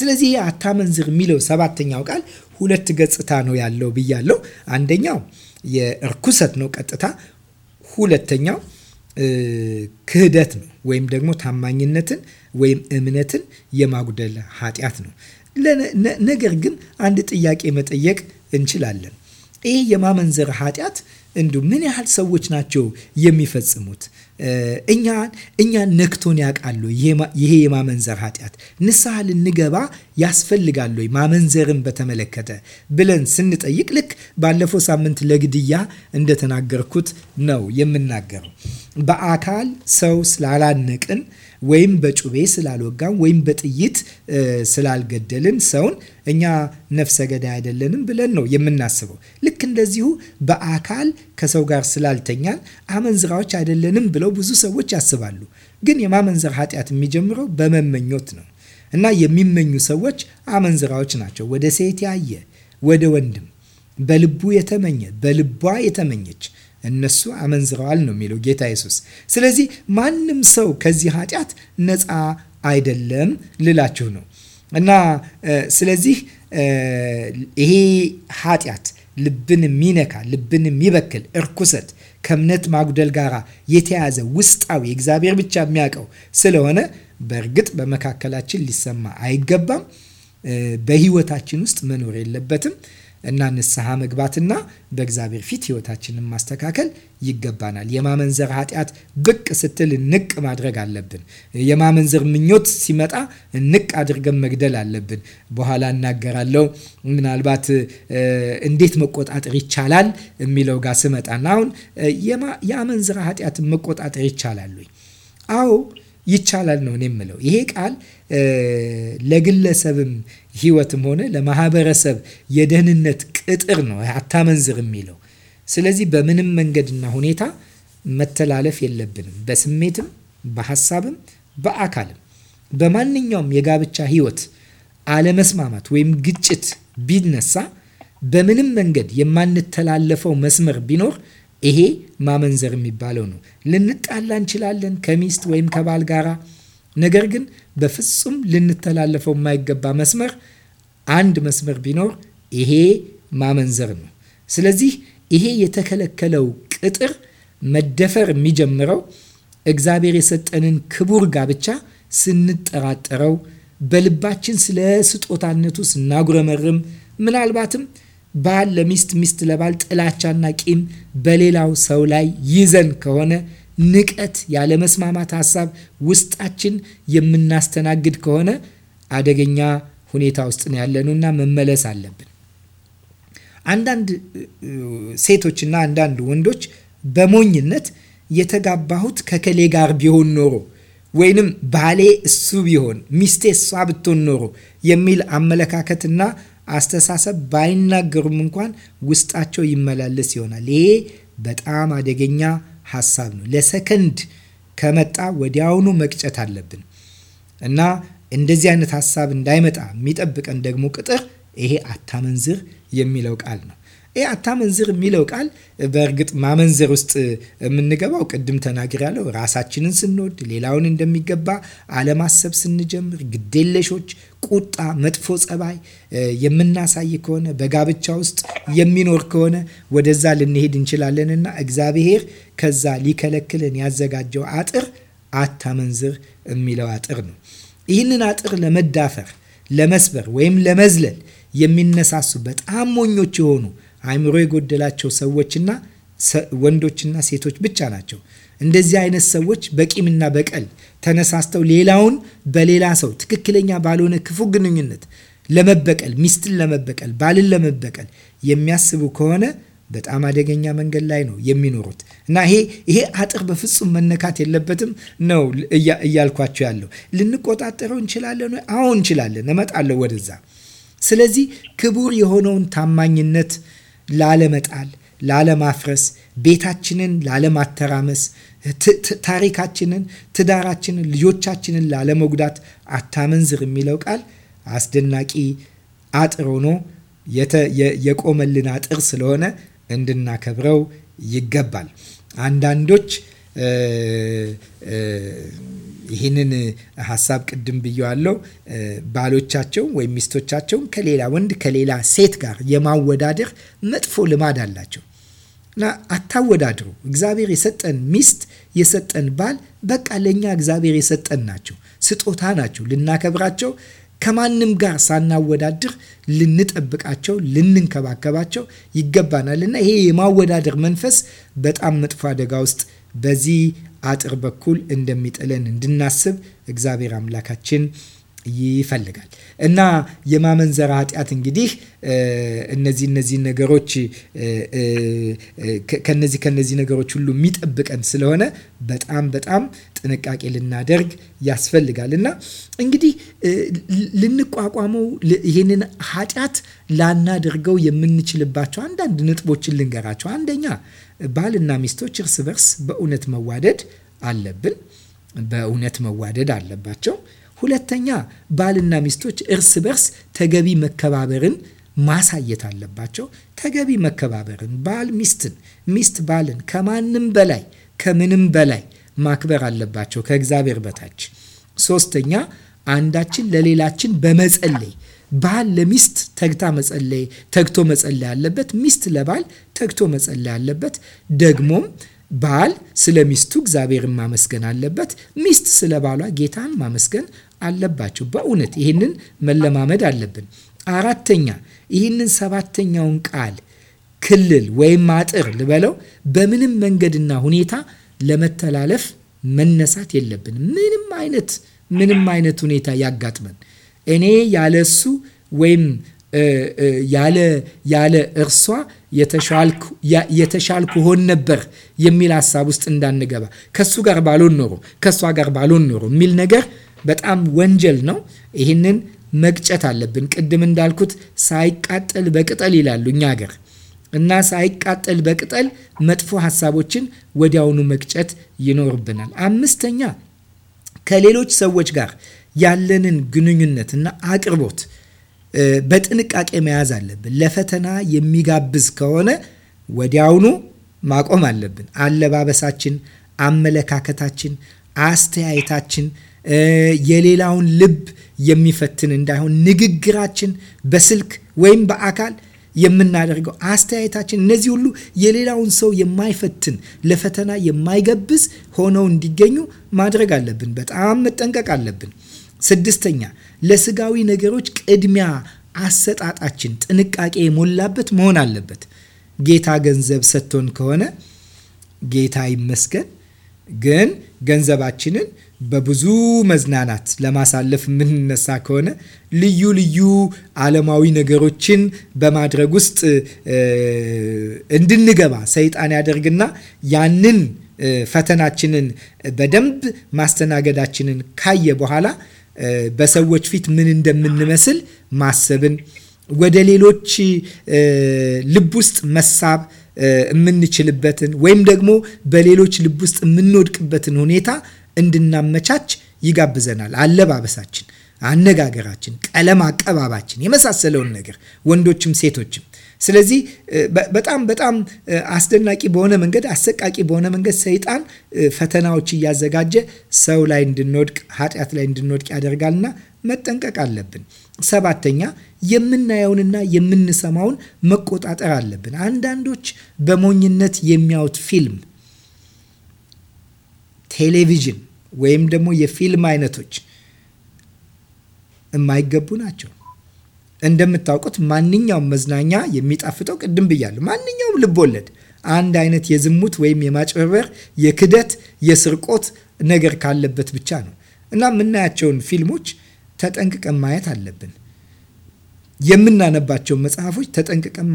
ስለዚህ አታመንዝር የሚለው ሰባተኛው ቃል ሁለት ገጽታ ነው ያለው ብያለው። አንደኛው የእርኩሰት ነው ቀጥታ፣ ሁለተኛው ክህደት ነው ወይም ደግሞ ታማኝነትን ወይም እምነትን የማጉደል ኃጢአት ነው። ነገር ግን አንድ ጥያቄ መጠየቅ እንችላለን። ይህ የማመንዘር ኃጢአት እንዲሁ ምን ያህል ሰዎች ናቸው የሚፈጽሙት? እኛን እኛ ነክቶን ያውቃሉ። ይሄ የማመንዘር ኃጢአት ንስሐ ልንገባ ያስፈልጋሉ ማመንዘርን በተመለከተ ብለን ስንጠይቅ ልክ ባለፈው ሳምንት ለግድያ እንደተናገርኩት ነው የምናገረው በአካል ሰው ስላላነቅን ወይም በጩቤ ስላልወጋን ወይም በጥይት ስላልገደልን ሰውን እኛ ነፍሰ ገዳይ አይደለንም ብለን ነው የምናስበው። ልክ እንደዚሁ በአካል ከሰው ጋር ስላልተኛን አመንዝራዎች አይደለንም ብለው ብዙ ሰዎች ያስባሉ። ግን የማመንዘር ኃጢአት የሚጀምረው በመመኞት ነው እና የሚመኙ ሰዎች አመንዝራዎች ናቸው። ወደ ሴት ያየ ወደ ወንድም በልቡ የተመኘ በልቧ የተመኘች እነሱ አመንዝረዋል ነው የሚለው ጌታ ኢየሱስ። ስለዚህ ማንም ሰው ከዚህ ኃጢአት ነፃ አይደለም ልላችሁ ነው እና ስለዚህ ይሄ ኃጢአት ልብን የሚነካ ልብን የሚበክል እርኩሰት ከእምነት ማጉደል ጋር የተያዘ ውስጣዊ እግዚአብሔር ብቻ የሚያውቀው ስለሆነ በእርግጥ በመካከላችን ሊሰማ አይገባም። በህይወታችን ውስጥ መኖር የለበትም። እና ንስሐ መግባትና በእግዚአብሔር ፊት ህይወታችንን ማስተካከል ይገባናል። የማመንዘር ኃጢአት ብቅ ስትል ንቅ ማድረግ አለብን። የማመንዘር ምኞት ሲመጣ ንቅ አድርገን መግደል አለብን። በኋላ እናገራለሁ ምናልባት እንዴት መቆጣጠር ይቻላል የሚለው ጋር ስመጣና አሁን የአመንዝራ ኃጢአት መቆጣጠር ይቻላሉ? አዎ ይቻላል ነው እኔ የምለው። ይሄ ቃል ለግለሰብም ህይወትም ሆነ ለማህበረሰብ የደህንነት ቅጥር ነው አታመንዝር የሚለው። ስለዚህ በምንም መንገድና ሁኔታ መተላለፍ የለብንም። በስሜትም፣ በሀሳብም፣ በአካልም በማንኛውም የጋብቻ ህይወት አለመስማማት ወይም ግጭት ቢነሳ በምንም መንገድ የማንተላለፈው መስመር ቢኖር ይሄ ማመንዘር የሚባለው ነው። ልንጣላ እንችላለን ከሚስት ወይም ከባል ጋራ። ነገር ግን በፍጹም ልንተላለፈው የማይገባ መስመር አንድ መስመር ቢኖር ይሄ ማመንዘር ነው። ስለዚህ ይሄ የተከለከለው ቅጥር መደፈር የሚጀምረው እግዚአብሔር የሰጠንን ክቡር ጋብቻ ስንጠራጠረው፣ በልባችን ስለ ስጦታነቱ ስናጉረመርም፣ ምናልባትም ባል ለሚስት ሚስት ለባል ጥላቻና ቂም በሌላው ሰው ላይ ይዘን ከሆነ ንቀት፣ ያለመስማማት ሀሳብ ውስጣችን የምናስተናግድ ከሆነ አደገኛ ሁኔታ ውስጥ ነው ያለነውና መመለስ አለብን። አንዳንድ ሴቶችና አንዳንድ ወንዶች በሞኝነት የተጋባሁት ከከሌ ጋር ቢሆን ኖሮ ወይንም ባሌ እሱ ቢሆን ሚስቴ እሷ ብትሆን ኖሮ የሚል አመለካከትና አስተሳሰብ ባይናገሩም እንኳን ውስጣቸው ይመላለስ ይሆናል። ይሄ በጣም አደገኛ ሀሳብ ነው። ለሰከንድ ከመጣ ወዲያውኑ መቅጨት አለብን እና እንደዚህ አይነት ሀሳብ እንዳይመጣ የሚጠብቀን ደግሞ ቅጥር ይሄ አታመንዝር የሚለው ቃል ነው። ይህ አታመንዝር የሚለው ቃል በእርግጥ ማመንዝር ውስጥ የምንገባው ቅድም ተናግር ያለው ራሳችንን ስንወድ፣ ሌላውን እንደሚገባ አለማሰብ ስንጀምር፣ ግዴለሾች፣ ቁጣ፣ መጥፎ ጸባይ የምናሳይ ከሆነ በጋብቻ ውስጥ የሚኖር ከሆነ ወደዛ ልንሄድ እንችላለንና እግዚአብሔር ከዛ ሊከለክልን ያዘጋጀው አጥር አታመንዝር የሚለው አጥር ነው። ይህንን አጥር ለመዳፈር ለመስበር ወይም ለመዝለል የሚነሳሱ በጣም ሞኞች የሆኑ አይምሮ የጎደላቸው ሰዎችና ወንዶችና ሴቶች ብቻ ናቸው። እንደዚህ አይነት ሰዎች በቂምና በቀል ተነሳስተው ሌላውን በሌላ ሰው ትክክለኛ ባልሆነ ክፉ ግንኙነት ለመበቀል፣ ሚስትን ለመበቀል፣ ባልን ለመበቀል የሚያስቡ ከሆነ በጣም አደገኛ መንገድ ላይ ነው የሚኖሩት እና ይሄ ይሄ አጥር በፍጹም መነካት የለበትም ነው እያልኳቸው ያለው። ልንቆጣጠረው እንችላለን? አዎ እንችላለን። እመጣለሁ ወደዛ። ስለዚህ ክቡር የሆነውን ታማኝነት ላለመጣል፣ ላለማፍረስ፣ ቤታችንን ላለማተራመስ፣ ታሪካችንን፣ ትዳራችንን፣ ልጆቻችንን ላለመጉዳት አታመንዝር የሚለው ቃል አስደናቂ አጥር ሆኖ የቆመልን አጥር ስለሆነ እንድናከብረው ይገባል። አንዳንዶች ይህንን ሀሳብ ቅድም ብየዋለው። ባሎቻቸውን ወይም ሚስቶቻቸውን ከሌላ ወንድ ከሌላ ሴት ጋር የማወዳደር መጥፎ ልማድ አላቸው እና አታወዳድሩ። እግዚአብሔር የሰጠን ሚስት የሰጠን ባል በቃ ለእኛ እግዚአብሔር የሰጠን ናቸው፣ ስጦታ ናቸው። ልናከብራቸው ከማንም ጋር ሳናወዳድር ልንጠብቃቸው፣ ልንንከባከባቸው ይገባናል እና ይሄ የማወዳደር መንፈስ በጣም መጥፎ አደጋ ውስጥ በዚህ አጥር በኩል እንደሚጥለን እንድናስብ እግዚአብሔር አምላካችን ይፈልጋል እና የማመንዘር ኃጢአት እንግዲህ እነዚህ እነዚህ ነገሮች ከነዚህ ከነዚህ ነገሮች ሁሉ የሚጠብቀን ስለሆነ በጣም በጣም ጥንቃቄ ልናደርግ ያስፈልጋል እና እንግዲህ ልንቋቋመው ይህንን ኃጢአት ላናደርገው የምንችልባቸው አንዳንድ ነጥቦችን ልንገራቸው። አንደኛ ባልና ሚስቶች እርስ በርስ በእውነት መዋደድ አለብን፣ በእውነት መዋደድ አለባቸው። ሁለተኛ ባልና ሚስቶች እርስ በርስ ተገቢ መከባበርን ማሳየት አለባቸው። ተገቢ መከባበርን ባል ሚስትን፣ ሚስት ባልን ከማንም በላይ ከምንም በላይ ማክበር አለባቸው ከእግዚአብሔር በታች። ሶስተኛ አንዳችን ለሌላችን በመጸለይ ባል ለሚስት ተግታ መጸለይ ተግቶ መጸለይ አለበት። ሚስት ለባል ተግቶ መጸለይ አለበት። ደግሞም ባል ስለ ሚስቱ እግዚአብሔርን ማመስገን አለበት። ሚስት ስለ ባሏ ጌታን ማመስገን አለባቸው። በእውነት ይህንን መለማመድ አለብን። አራተኛ ይህንን ሰባተኛውን ቃል ክልል ወይም አጥር ልበለው በምንም መንገድና ሁኔታ ለመተላለፍ መነሳት የለብን። ምንም አይነት ምንም አይነት ሁኔታ ያጋጥመን እኔ ያለ እሱ ወይም ያለ ያለ እርሷ የተሻልኩ ሆን ነበር የሚል ሀሳብ ውስጥ እንዳንገባ ከሱ ጋር ባልሆን ኖሮ ከእሷ ጋር ባልሆን ኖሮ የሚል ነገር በጣም ወንጀል ነው። ይህንን መቅጨት አለብን። ቅድም እንዳልኩት ሳይቃጠል በቅጠል ይላሉ እኛ ሀገር እና ሳይቃጠል በቅጠል መጥፎ ሀሳቦችን ወዲያውኑ መቅጨት ይኖርብናል። አምስተኛ ከሌሎች ሰዎች ጋር ያለንን ግንኙነት እና አቅርቦት በጥንቃቄ መያዝ አለብን። ለፈተና የሚጋብዝ ከሆነ ወዲያውኑ ማቆም አለብን። አለባበሳችን፣ አመለካከታችን፣ አስተያየታችን የሌላውን ልብ የሚፈትን እንዳይሆን ንግግራችን በስልክ ወይም በአካል የምናደርገው አስተያየታችን፣ እነዚህ ሁሉ የሌላውን ሰው የማይፈትን ለፈተና የማይገብዝ ሆነው እንዲገኙ ማድረግ አለብን። በጣም መጠንቀቅ አለብን። ስድስተኛ ለስጋዊ ነገሮች ቅድሚያ አሰጣጣችን ጥንቃቄ የሞላበት መሆን አለበት። ጌታ ገንዘብ ሰጥቶን ከሆነ ጌታ ይመስገን፣ ግን ገንዘባችንን በብዙ መዝናናት ለማሳለፍ የምንነሳ ከሆነ ልዩ ልዩ ዓለማዊ ነገሮችን በማድረግ ውስጥ እንድንገባ ሰይጣን ያደርግና ያንን ፈተናችንን በደንብ ማስተናገዳችንን ካየ በኋላ በሰዎች ፊት ምን እንደምንመስል ማሰብን ወደ ሌሎች ልብ ውስጥ መሳብ የምንችልበትን ወይም ደግሞ በሌሎች ልብ ውስጥ የምንወድቅበትን ሁኔታ እንድናመቻች ይጋብዘናል። አለባበሳችን፣ አነጋገራችን፣ ቀለም አቀባባችን የመሳሰለውን ነገር ወንዶችም ሴቶችም። ስለዚህ በጣም በጣም አስደናቂ በሆነ መንገድ አሰቃቂ በሆነ መንገድ ሰይጣን ፈተናዎች እያዘጋጀ ሰው ላይ እንድንወድቅ ኃጢአት ላይ እንድንወድቅ ያደርጋልና መጠንቀቅ አለብን። ሰባተኛ የምናየውንና የምንሰማውን መቆጣጠር አለብን። አንዳንዶች በሞኝነት የሚያዩት ፊልም፣ ቴሌቪዥን ወይም ደግሞ የፊልም አይነቶች የማይገቡ ናቸው። እንደምታውቁት ማንኛውም መዝናኛ የሚጣፍጠው ቅድም ብያለሁ፣ ማንኛውም ልቦለድ አንድ አይነት የዝሙት ወይም የማጭበርበር፣ የክደት፣ የስርቆት ነገር ካለበት ብቻ ነው እና የምናያቸውን ፊልሞች ተጠንቅቀን ማየት አለብን። የምናነባቸው መጽሐፎች ተጠንቅቀን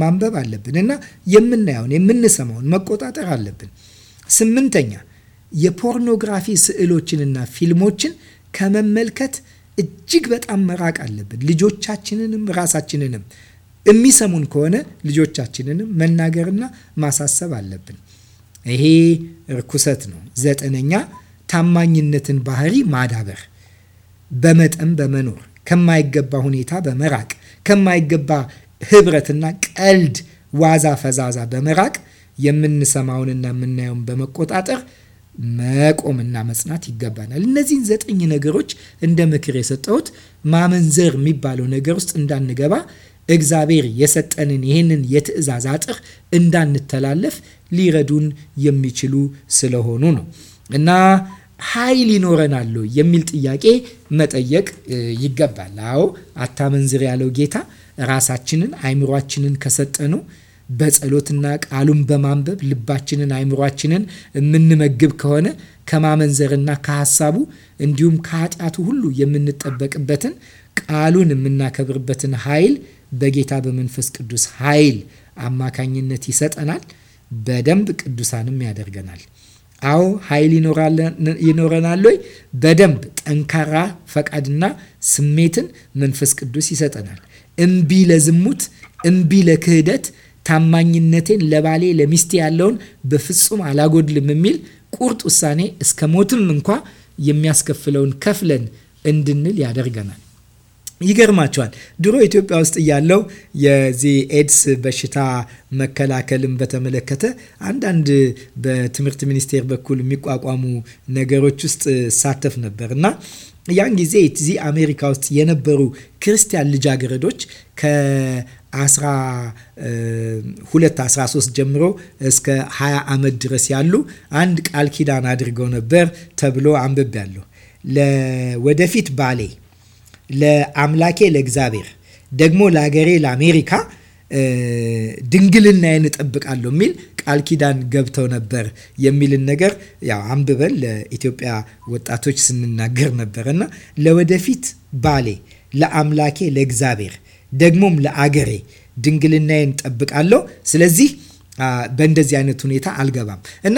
ማንበብ አለብን እና የምናየውን የምንሰማውን መቆጣጠር አለብን። ስምንተኛ የፖርኖግራፊ ስዕሎችንና ፊልሞችን ከመመልከት እጅግ በጣም መራቅ አለብን። ልጆቻችንንም ራሳችንንም የሚሰሙን ከሆነ ልጆቻችንንም መናገርና ማሳሰብ አለብን። ይሄ ርኩሰት ነው። ዘጠነኛ ታማኝነትን ባህሪ ማዳበር በመጠን በመኖር ከማይገባ ሁኔታ በመራቅ ከማይገባ ህብረትና ቀልድ፣ ዋዛ ፈዛዛ በመራቅ የምንሰማውንና የምናየውን በመቆጣጠር መቆምና መጽናት ይገባናል። እነዚህን ዘጠኝ ነገሮች እንደ ምክር የሰጠሁት ማመንዘር የሚባለው ነገር ውስጥ እንዳንገባ እግዚአብሔር የሰጠንን ይህንን የትእዛዝ አጥር እንዳንተላለፍ ሊረዱን የሚችሉ ስለሆኑ ነው እና ኃይል ይኖረናል የሚል ጥያቄ መጠየቅ ይገባል። አዎ አታመንዝር ያለው ጌታ ራሳችንን አይምሯችንን ከሰጠኑ በጸሎትና ቃሉን በማንበብ ልባችንን አይምሯችንን የምንመግብ ከሆነ ከማመንዘርና ከሀሳቡ እንዲሁም ከኃጢአቱ ሁሉ የምንጠበቅበትን ቃሉን የምናከብርበትን ኃይል በጌታ በመንፈስ ቅዱስ ኃይል አማካኝነት ይሰጠናል። በደንብ ቅዱሳንም ያደርገናል። አዎ ኃይል ይኖረናል ወይ? በደንብ ጠንካራ ፈቃድና ስሜትን መንፈስ ቅዱስ ይሰጠናል። እምቢ ለዝሙት፣ እምቢ ለክህደት፣ ታማኝነቴን ለባሌ ለሚስቴ ያለውን በፍጹም አላጎድልም የሚል ቁርጥ ውሳኔ እስከ ሞትም እንኳ የሚያስከፍለውን ከፍለን እንድንል ያደርገናል። ይገርማቸዋል። ድሮ ኢትዮጵያ ውስጥ እያለው የዚህ ኤድስ በሽታ መከላከልን በተመለከተ አንዳንድ በትምህርት ሚኒስቴር በኩል የሚቋቋሙ ነገሮች ውስጥ ሳተፍ ነበር እና ያን ጊዜ እዚህ አሜሪካ ውስጥ የነበሩ ክርስቲያን ልጃገረዶች ከ12 13 ጀምሮ እስከ 20 ዓመት ድረስ ያሉ አንድ ቃል ኪዳን አድርገው ነበር ተብሎ አንብቤያለሁ። ለወደፊት ባሌ ለአምላኬ ለእግዚአብሔር ደግሞ ለሀገሬ ለአሜሪካ ድንግልናዬን እጠብቃለሁ የሚል ቃል ኪዳን ገብተው ነበር የሚልን ነገር ያው አንብበን ለኢትዮጵያ ወጣቶች ስንናገር ነበር እና ለወደፊት ባሌ ለአምላኬ ለእግዚአብሔር ደግሞም ለአገሬ ድንግልናዬን እጠብቃለሁ። ስለዚህ በእንደዚህ አይነት ሁኔታ አልገባም እና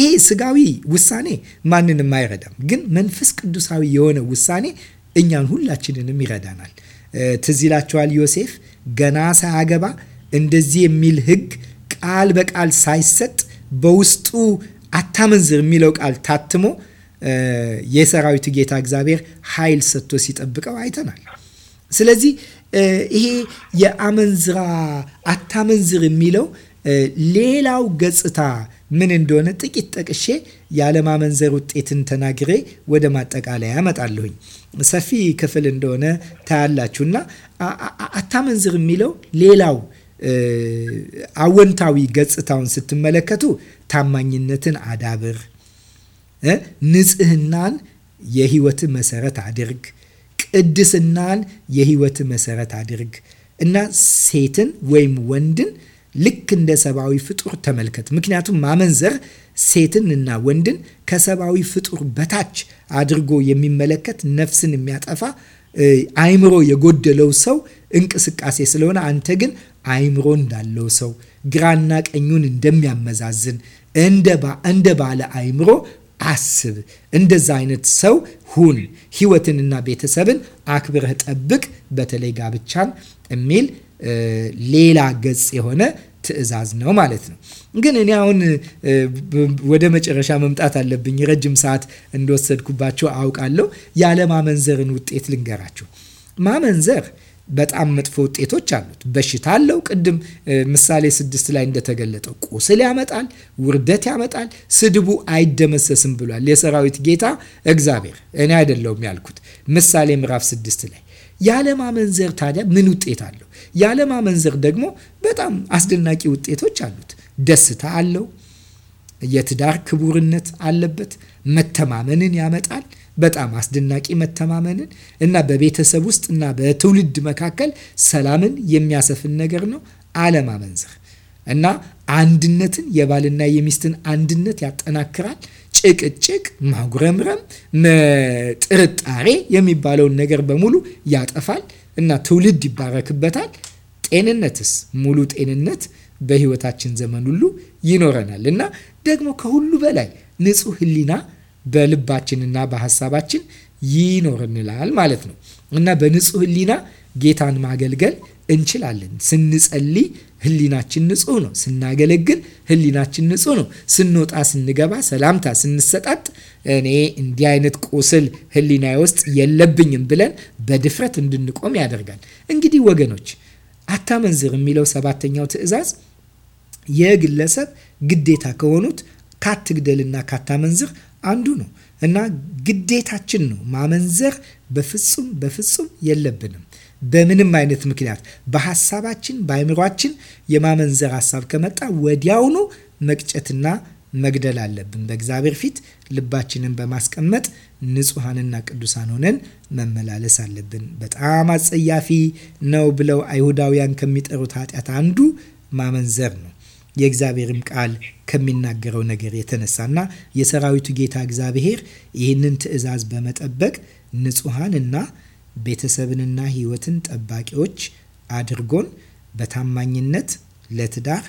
ይሄ ስጋዊ ውሳኔ ማንንም አይረዳም፣ ግን መንፈስ ቅዱሳዊ የሆነ ውሳኔ እኛን ሁላችንንም ይረዳናል። ትዝ ይላችኋል ዮሴፍ ገና ሳያገባ እንደዚህ የሚል ህግ ቃል በቃል ሳይሰጥ በውስጡ አታመንዝር የሚለው ቃል ታትሞ የሰራዊቱ ጌታ እግዚአብሔር ኃይል ሰጥቶ ሲጠብቀው አይተናል። ስለዚህ ይሄ የአመንዝራ አታመንዝር የሚለው ሌላው ገጽታ ምን እንደሆነ ጥቂት ጠቅሼ ያለማመንዘር ውጤትን ተናግሬ ወደ ማጠቃለያ ያመጣለሁኝ። ሰፊ ክፍል እንደሆነ ታያላችሁ። እና አታመንዝር የሚለው ሌላው አወንታዊ ገጽታውን ስትመለከቱ ታማኝነትን አዳብር፣ ንጽህናን የህይወት መሰረት አድርግ፣ ቅድስናን የህይወት መሰረት አድርግ እና ሴትን ወይም ወንድን ልክ እንደ ሰብአዊ ፍጡር ተመልከት። ምክንያቱም ማመንዘር ሴትን እና ወንድን ከሰብአዊ ፍጡር በታች አድርጎ የሚመለከት ነፍስን የሚያጠፋ አእምሮ የጎደለው ሰው እንቅስቃሴ ስለሆነ አንተ ግን አእምሮ እንዳለው ሰው ግራና ቀኙን እንደሚያመዛዝን እንደ ባለ አእምሮ አስብ። እንደዛ አይነት ሰው ሁን። ህይወትንና ቤተሰብን አክብረህ ጠብቅ፣ በተለይ ጋብቻን የሚል ሌላ ገጽ የሆነ ትእዛዝ ነው ማለት ነው። ግን እኔ አሁን ወደ መጨረሻ መምጣት አለብኝ። ረጅም ሰዓት እንደወሰድኩባቸው አውቃለሁ። ያለማመንዘርን ውጤት ልንገራችሁ። ማመንዘር በጣም መጥፎ ውጤቶች አሉት። በሽታ አለው። ቅድም ምሳሌ ስድስት ላይ እንደተገለጠው ቁስል ያመጣል፣ ውርደት ያመጣል፣ ስድቡ አይደመሰስም ብሏል የሰራዊት ጌታ እግዚአብሔር። እኔ አይደለውም ያልኩት ምሳሌ ምዕራፍ ስድስት ላይ ያለማመንዘር ታዲያ ምን ውጤት አለው? ያለማመንዘር ደግሞ በጣም አስደናቂ ውጤቶች አሉት። ደስታ አለው። የትዳር ክቡርነት አለበት። መተማመንን ያመጣል። በጣም አስደናቂ መተማመንን እና በቤተሰብ ውስጥ እና በትውልድ መካከል ሰላምን የሚያሰፍን ነገር ነው አለማመንዘር እና አንድነትን የባልና የሚስትን አንድነት ያጠናክራል። ጭቅጭቅ፣ ማጉረምረም፣ ጥርጣሬ የሚባለውን ነገር በሙሉ ያጠፋል። እና ትውልድ ይባረክበታል። ጤንነትስ ሙሉ ጤንነት በህይወታችን ዘመን ሁሉ ይኖረናል እና ደግሞ ከሁሉ በላይ ንጹህ ህሊና በልባችንና በሀሳባችን ይኖርንላል ማለት ነው እና በንጹህ ህሊና ጌታን ማገልገል እንችላለን ስንጸልይ ህሊናችን ንጹህ ነው። ስናገለግል ህሊናችን ንጹህ ነው። ስንወጣ፣ ስንገባ፣ ሰላምታ ስንሰጣጥ እኔ እንዲህ አይነት ቁስል ህሊና ውስጥ የለብኝም ብለን በድፍረት እንድንቆም ያደርጋል። እንግዲህ ወገኖች አታመንዝር የሚለው ሰባተኛው ትዕዛዝ የግለሰብ ግዴታ ከሆኑት ካትግደልና ካታመንዝር አንዱ ነው እና ግዴታችን ነው። ማመንዘር በፍጹም በፍጹም የለብንም። በምንም አይነት ምክንያት በሀሳባችን በአይምሯችን የማመንዘር ሀሳብ ከመጣ ወዲያውኑ መቅጨትና መግደል አለብን። በእግዚአብሔር ፊት ልባችንን በማስቀመጥ ንጹሐንና ቅዱሳን ሆነን መመላለስ አለብን። በጣም አጸያፊ ነው ብለው አይሁዳውያን ከሚጠሩት ኃጢአት አንዱ ማመንዘር ነው። የእግዚአብሔርም ቃል ከሚናገረው ነገር የተነሳና የሰራዊቱ ጌታ እግዚአብሔር ይህንን ትእዛዝ በመጠበቅ ንጹሐንና ቤተሰብንና ህይወትን ጠባቂዎች አድርጎን በታማኝነት ለትዳር፣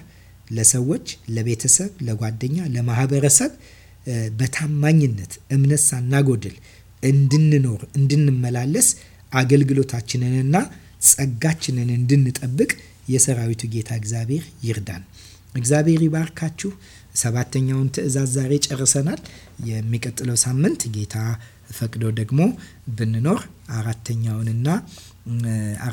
ለሰዎች፣ ለቤተሰብ፣ ለጓደኛ፣ ለማህበረሰብ በታማኝነት እምነት ሳናጎድል እንድንኖር እንድንመላለስ አገልግሎታችንንና ጸጋችንን እንድንጠብቅ የሰራዊቱ ጌታ እግዚአብሔር ይርዳን። እግዚአብሔር ይባርካችሁ። ሰባተኛውን ትእዛዝ ዛሬ ጨርሰናል። የሚቀጥለው ሳምንት ጌታ ፈቅዶ ደግሞ ብንኖር አራተኛውንና